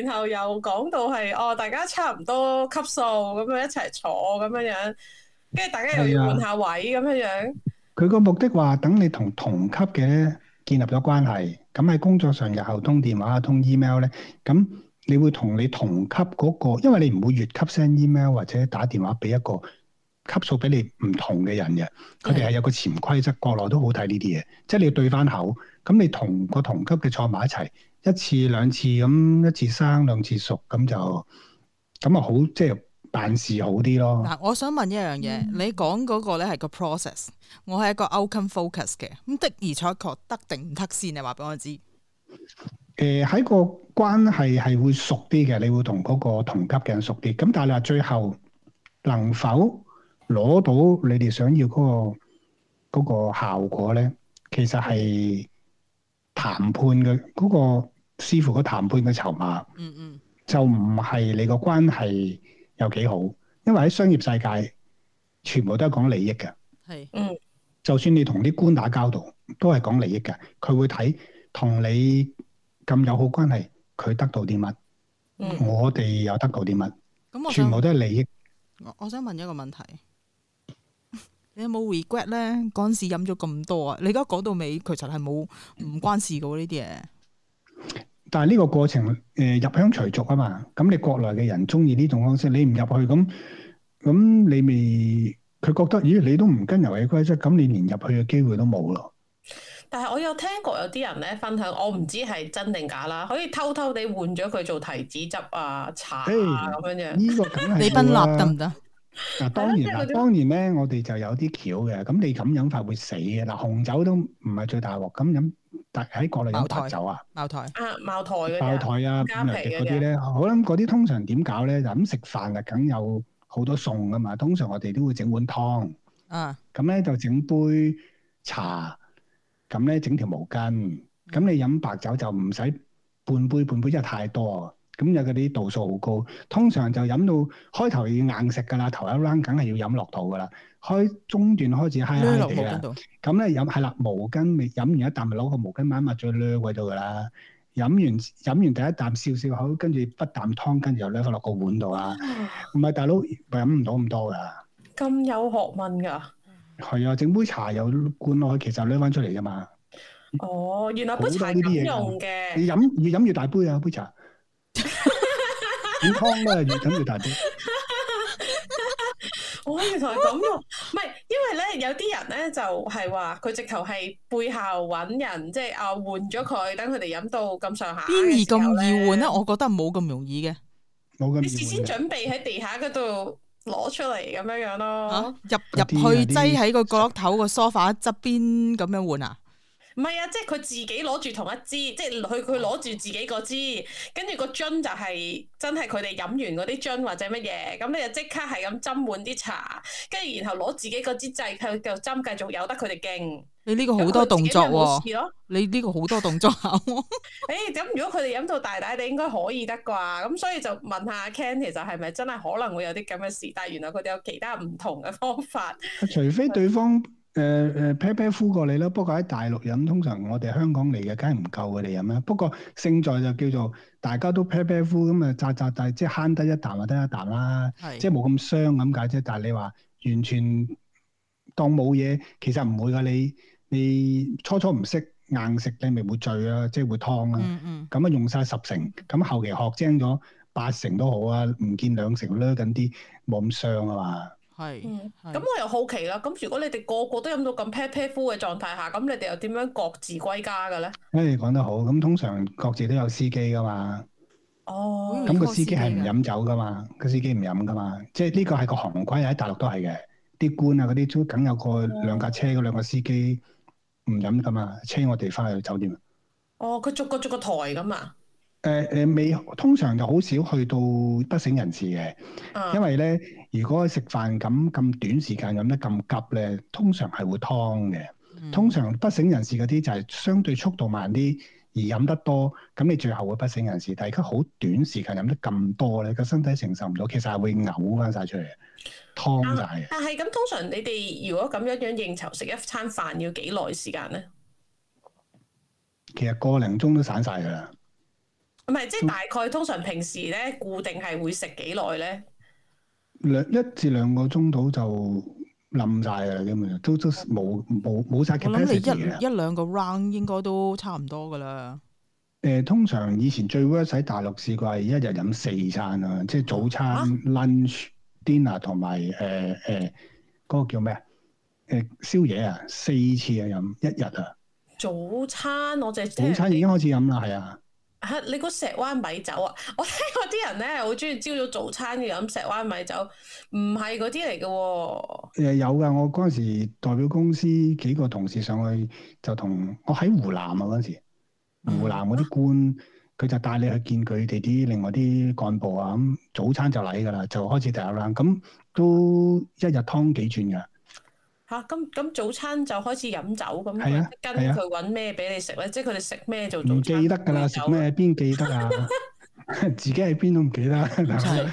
然後又講到係哦，大家差唔多級數咁樣一齊坐咁樣樣，跟住大家又要換下位咁樣樣。佢個、啊、目的話等你同同級嘅。建立咗關係，咁喺工作上日後通電話、通 email 咧，咁你會同你同級嗰、嗰個，因為你唔會越級 send email 或者打電話俾一個級數俾你唔同嘅人嘅，佢哋係有個潛規則，國內都好睇呢啲嘢，即係你要對翻口，咁你同個同級嘅坐埋一齊，一次兩次咁，一次生兩次熟，咁就咁啊好即係。辦事好啲咯。嗱、嗯，我想問一樣嘢， *noise* 你講嗰個咧係個 process，我係一個 outcome focus 嘅。咁的而且確得定唔得先，你話俾我知。誒、呃，喺個關係係會熟啲嘅，你會同嗰個同級嘅人熟啲。咁但係你話最後能否攞到你哋想要嗰、嗰個嗰個效果咧？其實係談判嘅嗰、嗰個視乎個談判嘅籌碼。嗯嗯，就唔係你個關係。有幾好，因為喺商業世界全部都係講利益嘅。係是，嗯，就算你同啲官打交道，都係講利益嘅。佢會睇同你咁友好關係，佢得到啲乜，嗯、我哋又得到啲乜，嗯、全部都係利益。我我想問一個問題， *laughs* 你有冇 regret 咧？嗰陣時飲咗咁多啊！你而家講到尾，其實沒沒係冇唔關事嘅喎呢啲嘢。嗯但係呢個過程，誒、呃、入鄉隨俗啊嘛，咁你國內嘅人中意呢種方式，你唔入去，咁咁你咪佢覺得，咦你都唔跟遊戲規則，咁你連入去嘅機會都冇咯。但係我有聽過有啲人咧分享，我唔知係真定假啦，可以偷偷地換咗佢做提子汁啊、茶啊咁嘿樣啫。呢個梗係你斌立得唔得？嗱當然啦、啊，當然咧， *laughs* 嗯就是、我哋就有啲巧嘅，咁你咁飲法會死嘅。嗱紅酒都唔係最大鑊，咁飲。但喺國內飲白酒啊，茅台啊，茅台茅台啊，加皮嗰啲咧，我諗嗰啲通常點搞咧？就食飯啊，梗有好多餸噶嘛。通常我哋都會整碗湯，啊，咁咧就整杯茶，咁咧整條毛巾。咁、嗯、你飲白酒就唔使半杯半杯，因為太多，咁有嗰啲度數好高。通常就飲到開頭要硬食噶啦，頭一 round 梗係要飲落肚噶啦。開中段開始慳慳地啦，咁咧飲係啦，毛巾未飲完一啖咪攞個毛巾抹一抹再掠喺度噶啦。飲完飲完第一啖笑笑，笑口，跟住滗啖湯跟住又掠翻落個碗度啊。唔係大佬咪飲唔到咁多噶。咁有學問噶。係啊，整杯茶又灌落去，其實掠翻出嚟咋嘛。哦，原來杯茶咁用嘅的。你飲越飲越，越大杯啊，杯茶。飲湯咧越飲越，越大杯。我以前係咁用。 *laughs* *laughs* 因為咧有啲人咧就係話佢直頭係背後揾人，即係啊，換咗佢，等佢哋飲到咁上下。邊而咁易換啊？我覺得冇咁容易嘅，冇咁。你事先準備喺地下嗰度攞出嚟咁樣樣咯，啊、入入、入去擠喺個角落頭個梳化側邊咁樣換啊？唔係啊，即係佢自己攞住同一支，即係佢佢攞住自己個樽、就係，跟住個樽就係真係佢哋飲完嗰啲樽或者乜嘢，咁你就即刻係咁斟滿啲茶，跟住然後攞自己個樽掣佢又斟，繼續有得佢哋勁。你呢個好多動作喎、啊，咯你呢個好多動作、啊。誒、 *laughs* 欸，咁如果佢哋飲到大大地，你應該可以得啩？咁所以就問下阿 Ken，其實係咪真係可能會有啲咁嘅事？但係原來佢哋有其他唔同嘅方法。除非對方。 *laughs* 誒誒，啤啤夫過你啦。不過喺大陸飲，通常我哋香港嚟嘅，梗係唔夠嘅嚟飲啦。不過勝在就叫做大家都啤啤夫，咁啊渣渣，但係即係慳得一啖就得一啖啦。係，即係冇咁傷咁解啫。但係你話完全當冇嘢，其實唔會㗎。你你初初唔識硬食，你咪會醉啦、啊，即係會劏啦。嗯嗯。咁啊，用晒十成，咁後期學精咗八成都好啊，唔見兩成，擸緊啲，冇咁傷啊嘛。係，咁我又好奇啦。咁如果你哋個個都飲到咁 pat pat 夫嘅狀態下，咁你哋又點樣各自歸家嘅咧？誒、哎，講得好。咁通常各自都有司機噶嘛。哦。咁個司機係唔飲酒噶嘛？個、哦、司機唔飲噶嘛？即係呢個係個行規，喺、嗯、大陸、呃、都係嘅。啲官啊，嗰啲都梗有個、嗯、兩架車，嗰兩個司機唔飲噶嘛？車我哋翻去酒店。哦，佢逐，逐個逐個台咁啊。誒誒，未、呃、通常就好少去到不省人事嘅，啊、因為咧，如果食飯咁咁短時間飲得咁急咧，通常係會劏嘅。嗯、通常不省人事嗰啲就係相對速度慢啲，而飲得多，咁你最後會不省人事。但係而家好短時間飲得咁多咧，個身體承受唔到，其實係會嘔翻晒出嚟，劏晒嘅。但係咁通常你哋如果咁樣樣應酬食一餐飯要幾耐時間咧？其實個零鐘都散晒噶啦。唔係，即係大概通常平時咧固定係會食幾耐咧？兩一至兩個鐘度就冧曬啦，基本上都都冇冇冇曬。我諗你一一兩個 round 應該都差唔多噶啦。誒、呃，通常以前最 worst 喺大陸試過係一日飲四餐啊，即係早餐、啊、lunch dinner,、dinner 同埋誒誒嗰個叫咩啊？誒、呃、宵夜啊，四次啊飲一日啊。早餐我淨係早餐已經開始飲啦，係啊。吓、啊！你個石灣米酒啊，我聽過啲人咧好中意朝早早餐嘅。咁石灣米酒，唔係嗰啲嚟嘅。誒有㗎，我嗰陣時代表公司幾個同事上去，就同我喺湖南啊嗰陣時，湖南嗰啲官佢、啊、就帶你去見佢哋啲另外啲幹部啊，咁早餐就嚟㗎啦，就開始第一 round，咁都一日劏幾轉㗎。吓咁咁早餐就開始飲酒咁樣，啊、跟佢搵咩俾你食咧？啊、即係佢哋食咩做早餐？唔記得噶啦，食咩邊記得啊？ *laughs* 自己喺邊都唔記得，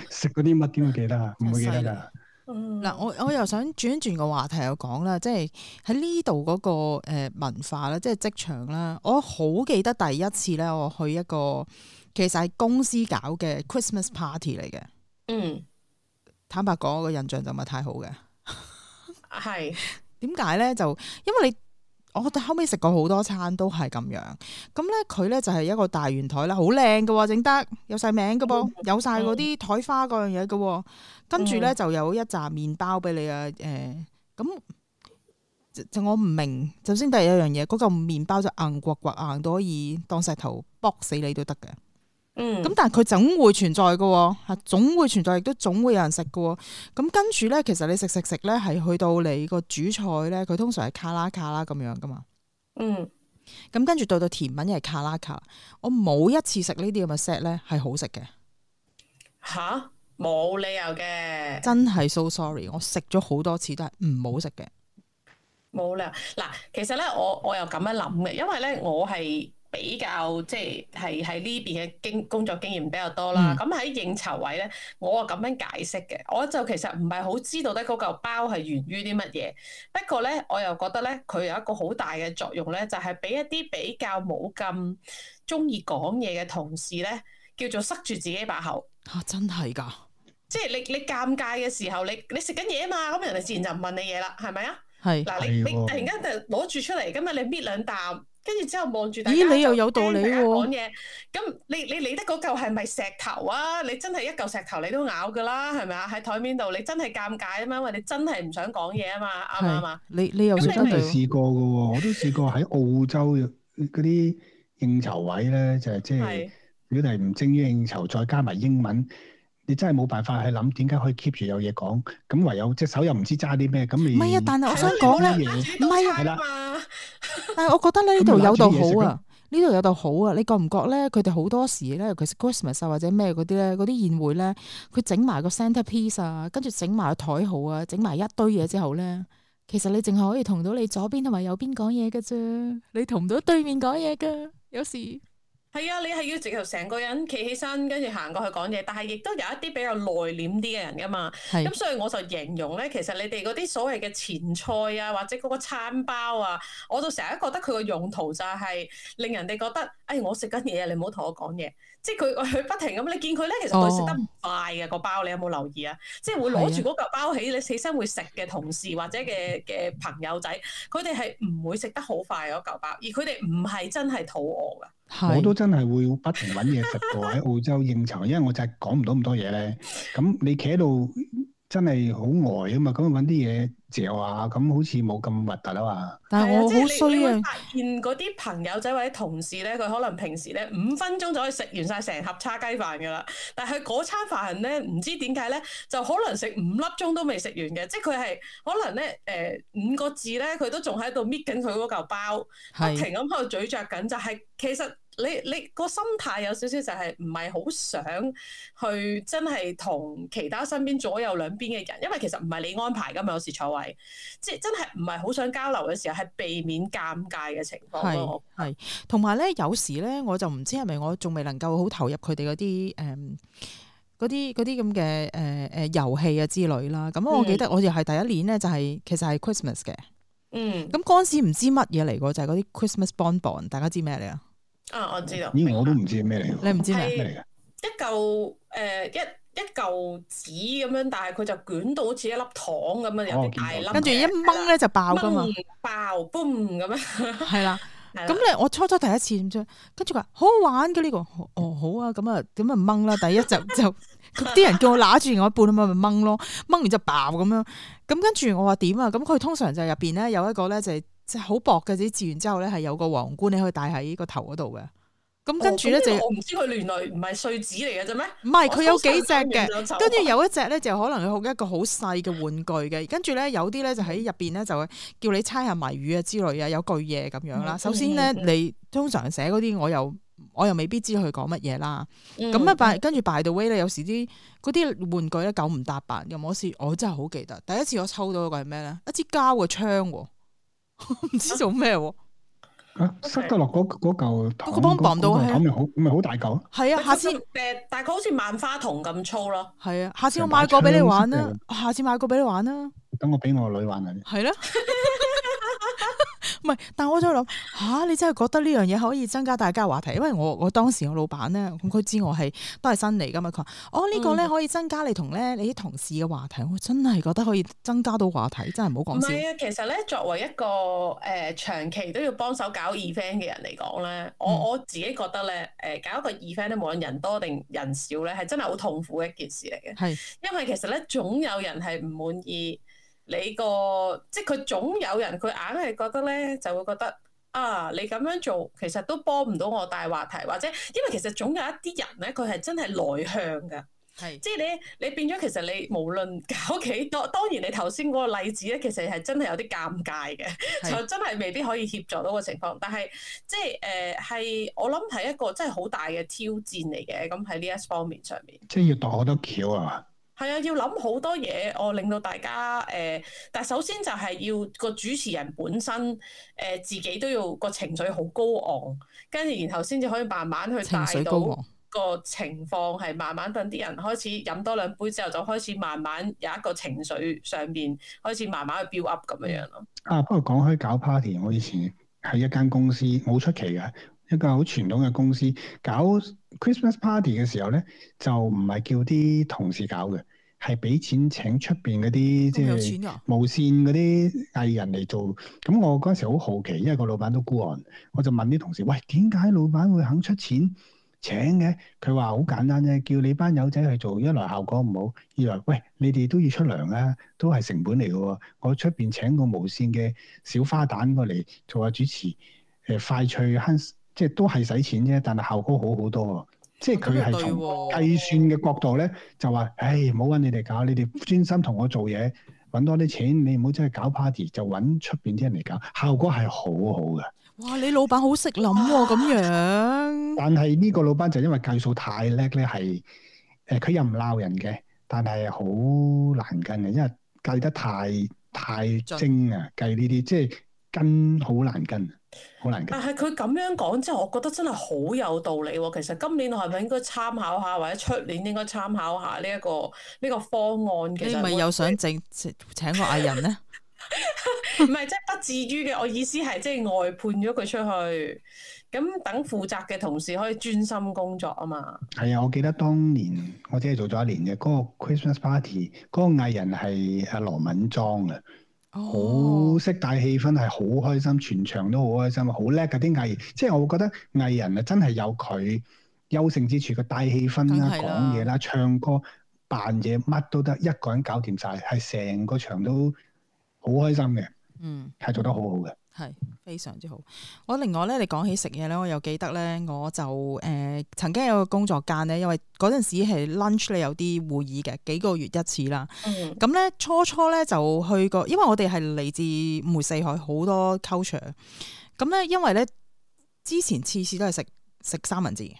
食嗰啲乜點會記得，唔、嗯、會記得噶。嗱、嗯，我我又想轉一轉個話題又講啦，即係喺呢度嗰個誒文化啦，即係職場啦。我好記得第一次咧，我去一個其實係公司搞嘅 Christmas party 嚟嘅。嗯，坦白講，我個印象就唔係太好嘅。係，點解咧？就因為你，我覺得後尾食過好多餐都係咁樣。咁咧，佢咧就係一個大圓台啦，好靚噶喎，整得有晒名噶噃，有晒嗰啲台花嗰樣嘢噶。嗯、跟住咧就有一紮麵包俾你啊，誒、呃，咁就，就我唔明。首、就、先、是、第一樣嘢，嗰嚿麵包就硬刮刮硬到可以當石頭卜死你都得嘅。咁、嗯、但係佢總會存在噶，吓，總會存在，亦都總會有人食噶。咁跟住咧，其實你食食食咧，係去到你個主菜咧，佢通常係卡拉卡拉咁樣噶嘛。嗯。咁跟住到到甜品又係卡拉卡拉，我冇一次食呢啲咁嘅 set 咧係好食嘅。吓，冇理由嘅。真係 so sorry，我食咗好多次都係唔好食嘅。冇理由。嗱，其實咧我我又咁樣諗嘅，因為咧我係。比較即係喺呢邊嘅經工作經驗比較多啦。咁喺、嗯、應酬位咧，我啊咁樣解釋嘅，我就其實唔係好知道得嗰嚿包係源於啲乜嘢。不過咧，我又覺得咧，佢有一個好大嘅作用咧，就係、是、俾一啲比較冇咁中意講嘢嘅同事咧，叫做塞住自己把口嚇、啊，真係㗎！即係你你尷尬嘅時候，你你食緊嘢嘛，咁人哋自然就唔問你嘢啦，係咪啊？係嗱是，你的你突然間就攞住出嚟㗎嘛，你搣兩啖。跟住之後望住咦，你又有道理，哦。講嘢。咁你你理得嗰嚿係咪石頭啊？你真係一嚿石頭你都咬噶啦，係咪啊？喺台面度你真係尷尬啊嘛，因為你真係唔想講嘢啊嘛，啱唔啱啊？你你又真係試過嘅喎，我都試過喺澳洲嗰啲應酬位咧， *laughs* 就係即係如果係唔精於應酬，再加埋英文。你真係冇辦法去諗點解可以 keep 住有嘢講，咁唯有隻手又唔知揸啲咩，咁你唔係啊，但係我想講咧，唔係啊，係啦。但係我覺得咧，呢度 *laughs* 有度好啊，呢度有度好啊。你覺唔覺咧？佢哋好多時咧，尤其是 Christmas 啊或者咩嗰啲咧，嗰啲宴會咧，佢整埋個 centerpiece 啊，跟住整埋個台號啊，整埋一堆嘢之後咧，其實你淨係可以同到你左邊同埋右邊講嘢㗎啫。你同唔到對面講嘢㗎，有時。係啊，你係要直頭成個人企起身，跟住行過去講嘢，但係亦都有一啲比較內斂啲嘅人㗎嘛。咁的所以我就形容咧，其實你哋嗰啲所謂嘅前菜啊，或者嗰個餐包啊，我就成日覺得佢個用途就係令人哋覺得，哎，我食緊嘢，你唔好同我講嘢。即係佢佢不停咁，你見佢咧，其實佢食得唔快嘅個、哦、包，你有冇留意啊？即係會攞住嗰嚿包起，你的起身會食嘅同事或者嘅嘅朋友仔，佢哋係唔會食得好快嗰嚿包，而佢哋唔係真係肚餓嘅。是我都真係會不停揾嘢食過喺澳洲應酬， *laughs* 因為我就係講唔到咁多嘢咧。咁你企喺度。真係好呆啊嘛，咁搵啲嘢嚼下，咁好似冇咁核突啊嘛。但係我好衰啊。 *noise* *noise* 發現嗰啲朋友仔或者同事咧，佢可能平時咧五分鐘就可以食完晒成盒叉雞飯㗎啦。但係嗰餐飯咧，唔知點解咧，就可能食五粒鐘都未食完嘅，即係佢係可能咧，誒、呃、五個字咧，佢都仲喺度搣緊佢嗰嚿包，不是停咁喺度咀嚼緊，就係、是、其實。你你個心態有少少就係唔係好想去真係同其他身邊左右兩邊嘅人，因為其實唔係你安排噶嘛。有時坐位即係真係唔係好想交流嘅時候，係避免尷尬嘅情況咯。係同埋咧，有時咧，我就唔知係咪我仲未能夠好投入佢哋嗰啲誒嗰啲嗰啲咁嘅誒誒遊戲啊之類啦。咁我記得我哋係第一年咧，就係、是、其實係 Christmas 嘅，嗯咁嗰陣時唔知乜嘢嚟過，就係嗰啲 Christmas bonbon，大家知咩嚟啊？啊、嗯，我知道。咦，我都唔知係咩嚟。你唔知係咩嚟嘅？一嚿誒，一一嚿紙咁樣，但係佢就捲到好似一粒糖咁樣，有啲大粒。跟住、哦、一掹咧就爆噶嘛。爆，boom 咁樣。係啦，咁咧我初初第一次咁樣，跟住話好好玩嘅呢、這個，哦好啊，咁啊咁啊掹啦。第一集就啲 *laughs* 人叫我拿住我一半啊嘛，咪掹咯，掹完就爆咁樣。咁跟住我話點啊？咁佢通常就入邊咧有一個咧就係、是。就好薄嘅啲字，完之後咧係有個皇冠，你可以戴喺個頭嗰度嘅。咁跟住咧就我唔知佢原來唔係碎紙嚟嘅啫咩？唔係佢有幾隻嘅，跟住有一隻咧就可能好一個好細嘅玩具嘅。跟住咧有啲咧就喺入邊咧就會叫你猜下謎語啊之類啊，有句嘢咁樣啦。首先咧，你通常寫嗰啲，我又我又未必知佢講乜嘢啦。咁啊，敗跟住 by the way 咧，有時啲嗰啲玩具咧九唔搭八，又冇事，我真係好記得，第一次我抽到個係咩咧？一支膠嘅槍。唔 *laughs* 知做咩喎？啊，Okay. 塞得落嗰嗰嚿糖，嗰、 *noise* 嗰個磅到，糖咪好咪好大嚿。係 *noise* 啊，下次誒，大概好似萬花筒咁粗啦。係 *noise* 啊，下次我買個俾你玩啦。下次買個俾你玩啦。等我俾我女玩啊。係啦。 *noise* *laughs* 唔係，但我就諗吓，你真係覺得呢樣嘢可以增加大家話題？因為我我當時我老闆咧，咁佢知我係都係新嚟噶嘛，佢話我呢個咧可以增加你同咧你啲同事嘅話題，我真係覺得可以增加到話題，真係唔好講笑。唔係啊，其實咧作為一個誒、呃、長期都要幫手搞 event 嘅人嚟講咧，我我自己覺得咧，誒搞一個 event 咧，無論人多定人少咧，係真係好痛苦嘅一件事嚟嘅。係是，因為其實咧，總有人係唔滿意。你個即係佢總有人佢硬係覺得咧，就會覺得啊你咁樣做其實都幫唔到我大話題，或者因為其實總有一啲人咧佢係真係內向噶，係是即係你你變咗其實你無論搞幾、okay, 多，當然你頭先嗰個例子咧，其實係真係有啲尷尬嘅，是 *laughs* 就真係未必可以協助到個情況，但係即係誒係我諗係一個真係好大嘅挑戰嚟嘅，咁喺呢一方面上面，即係要度好多橋啊嘛？係啊，要諗好多嘢，我、哦、令到大家誒、呃。但係首先就係要個主持人本身誒、呃、自己都要個情緒好高昂，跟住然後先至可以慢慢去帶到個情況係慢慢等啲人開始飲多兩杯之後，就開始慢慢有一個情緒上邊開始慢慢去 build up 咁樣樣咯。啊，不過講開搞 party，我以前喺一間公司好出奇嘅，一個好傳統嘅公司搞 Christmas party 嘅時候咧，就唔係叫啲同事搞嘅。係俾錢請出邊嗰啲即係無線嗰啲藝人嚟做，咁我嗰陣時好好奇，因為個老闆都孤寒，我就問啲同事：喂，點解老闆會肯出錢請嘅？佢話好簡單啫，叫你班友仔去做，一來效果唔好，二來喂你哋都要出糧啊，都係成本嚟嘅喎。我出邊請個無線嘅小花旦過嚟做下主持，誒、呃、快脆慳，Hans，即係都係使錢啫，但係效果好好多。即係佢係從計算嘅角度咧，啊、就話，唉、哎，唔好搵你哋搞，你哋專心同我做嘢，搵多啲錢。你唔好真係搞 party，就搵出面啲人嚟搞，效果係好好嘅。哇！你老闆好識諗喎，咁哇樣。但係呢個老闆就因為計數太叻咧，係，誒、呃，佢又唔鬧人嘅，但係好難跟嘅，因為計得太太精啊，準計呢啲即係。跟好難跟，好難跟。但係佢咁樣講之後，我覺得真係好有道理啊。其實今年我係咪應該參考下，或者出年應該參考下呢一個呢個方案？其實你咪又想請請請個藝人咧？唔係， *laughs* *laughs* 即係不至於嘅。我意思係，即係外判咗佢出去，咁等負責嘅同事可以專心工作啊嘛。係啊，我記得當年我只係做咗一年嘅嗰個 Christmas party，嗰個藝人係阿羅敏莊啊。好識帶氣氛，係好開心，全場都好開心，好叻嗰啲藝，即係、就是、我會覺得藝人啊，真係有佢優勝之處帶氣，佢帶氣氛啦、講嘢啦、唱歌、扮嘢乜都得，一個人搞掂晒，係成個場都好開心嘅，嗯，係做得好好嘅。係非常之好。我另外咧，你講起食嘢咧，我又記得咧，我就誒、呃、曾經有個工作間咧，因為嗰陣時係 lunch 咧有啲會議嘅，幾個月一次啦。咁咧 Okay.、嗯、初初咧就去過，因為我哋係嚟自五湖四海，好多 culture。咁咧因為咧之前次次都係食食三文治。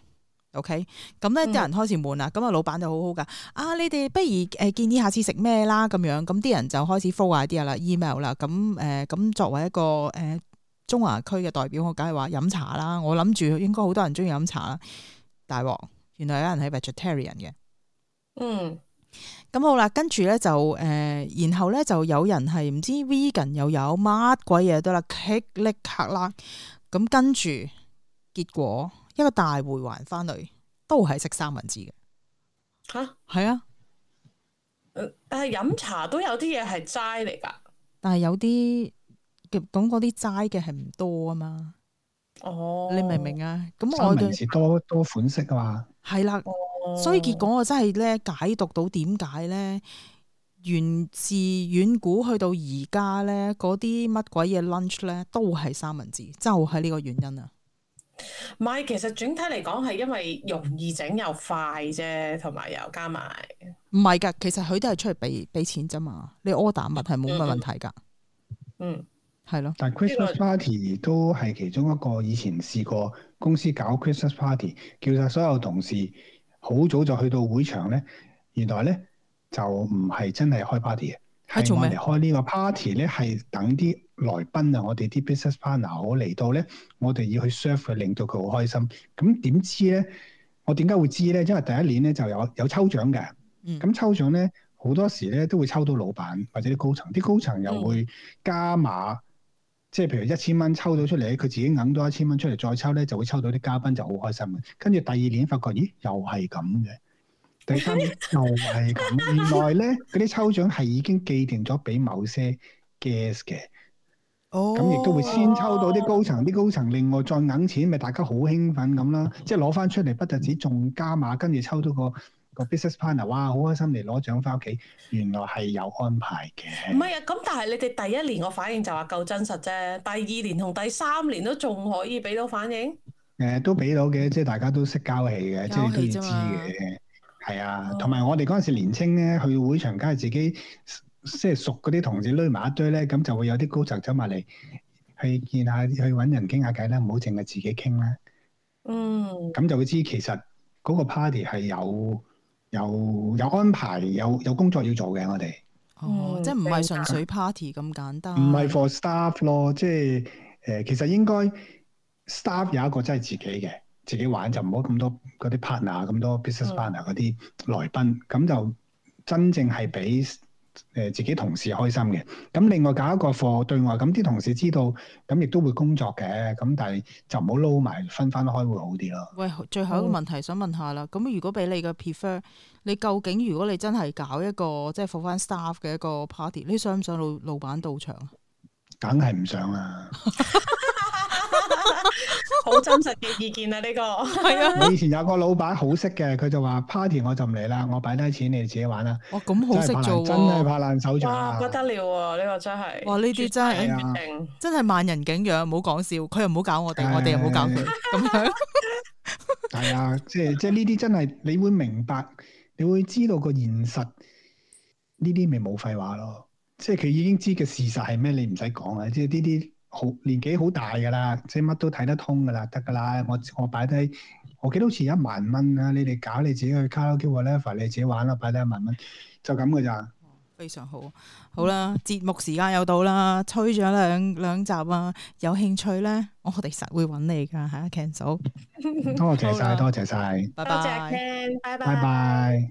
O K，咁呢啲人開始悶啦，咁啊、嗯、老闆就好好噶啊！你哋不如誒建議下次食咩啦咁樣，咁啲人就開始 follow 下啲嘢啦，email 啦。咁誒咁作為一個誒、呃、中華區嘅代表，我梗係話飲茶啦。我諗住應該好多人中意飲茶啦。大王原來有人係 vegetarian 嘅，嗯，咁好啦。跟住咧就誒、呃，然後咧就有人係唔知 vegan 又有乜鬼嘢得啦，kick l 咁跟住結果。一個大回環翻嚟，都係食三文治嘅。吓哈，係啊。誒、呃，飲茶都有啲嘢係齋嚟噶，但係有啲嘅，咁嗰啲齋嘅係唔多啊嘛。哦，你明唔明啊？咁我哋多多款式啊嘛。係啦、啊，哦、所以結果我真係咧解讀到點解咧，源自遠古去到而家咧，嗰啲乜鬼嘢 lunch 咧都係三文治，就係、是、呢個原因啊。唔係，其實整體嚟講係因為容易整又快啫，同埋又加埋。唔係噶，其實佢都係出嚟俾俾錢啫嘛。你 order 物係冇乜問題噶、嗯。嗯，係咯的。但 Christmas party 都係其中一個，以前試過公司搞 Christmas party，叫晒所有同事好早就去到會場咧。原來咧就唔係真係開 party 嘅，係做乜嚟？開呢個 party 咧係等啲。來賓啊！我哋啲 business partner 我嚟到咧，我哋要去 serve 嘅，令到佢好開心。咁點知咧？我點解會知咧？因為第一年咧就有有抽獎嘅，咁、嗯、抽獎咧好多時咧都會抽到老闆或者啲高層，啲高層又會加碼，嗯、即係譬如一千蚊抽到出嚟佢自己揞多一千蚊出嚟，再抽咧就會抽到啲嘉賓就好開心嘅。跟住第二年發覺，咦，又係咁嘅，第三年 *laughs* 又係咁。原來咧嗰啲抽獎係已經既定咗俾某些 guest 嘅。哦，咁亦都會先抽到啲高層，啲、哦、高層另外再揞錢，咪、就是、大家好興奮咁啦，嗯、即係攞翻出嚟，不但止仲加碼，跟住、嗯、抽到個個 business partner，哇，好開心嚟攞獎翻屋企，原來係有安排嘅。唔係啊，咁但係你哋第一年個反應就話夠真實啫，第二年同第三年都仲可以俾到反應。誒、呃，都俾到嘅，即係大家都識交氣嘅，氣即係都知嘅。係、哦、啊，同埋我哋嗰陣時年青咧，去會場梗係自己。即係熟嗰啲同事攆埋一堆咧，咁就會有啲高層走埋嚟去見下，去揾人傾下偈啦，唔好淨係自己傾啦。嗯。咁就會知其實嗰個 party 係有有有安排，有有工作要做嘅。我哋哦，即係唔係純粹 party 咁簡單？唔係、啊、for staff 咯，即係誒、呃，其實應該 staff 有一個真係自己嘅，自己玩就唔好咁多嗰啲 part partner 咁多 business partner 嗰啲來賓，咁就真正係俾。誒，自己同事開心嘅，咁另外搞一個課對外，咁啲同事知道，咁亦都會工作嘅，咁但係就唔好撈埋，分翻開會好啲咯。喂，最後一個問題想問下啦，咁、哦、如果俾你嘅 prefer，你究竟如果你真係搞一個即係 for 翻 staff 嘅一個 party，你想唔想老老闆到場啊？梗係唔想啦。 *laughs* 好 *laughs* 真實嘅意見啊！呢個係啊，我以前有個老闆好識嘅，佢就話 party 我就唔嚟啦，我擺低錢你哋自己玩啦。哇，咁好識做、啊、真係拍爛手掌啊哇！不得了啊！呢、這個真係哇，呢啲真係、啊、真係萬人景仰，唔好講笑。佢又唔好搞我哋，我哋又唔好搞佢。咁樣係啊，即係即係呢啲真係你會明白，你會知道個現實呢啲咪冇廢話咯。即係佢已經知嘅事實係咩，你唔使講啊。即係呢啲。好年紀好大㗎啦，即係乜都睇得通㗎啦，得㗎啦。我我擺低，我記得好似一萬蚊啊！你哋搞你自己去卡拉 OK 或者你自己玩啦，擺低一萬蚊就咁㗎咋。非常好，好啦，節目時間又到啦，吹咗兩兩集啊！有興趣咧，我哋實會揾你㗎嚇，Ken 嫂。多謝晒，多謝晒，多謝 Ken，拜拜。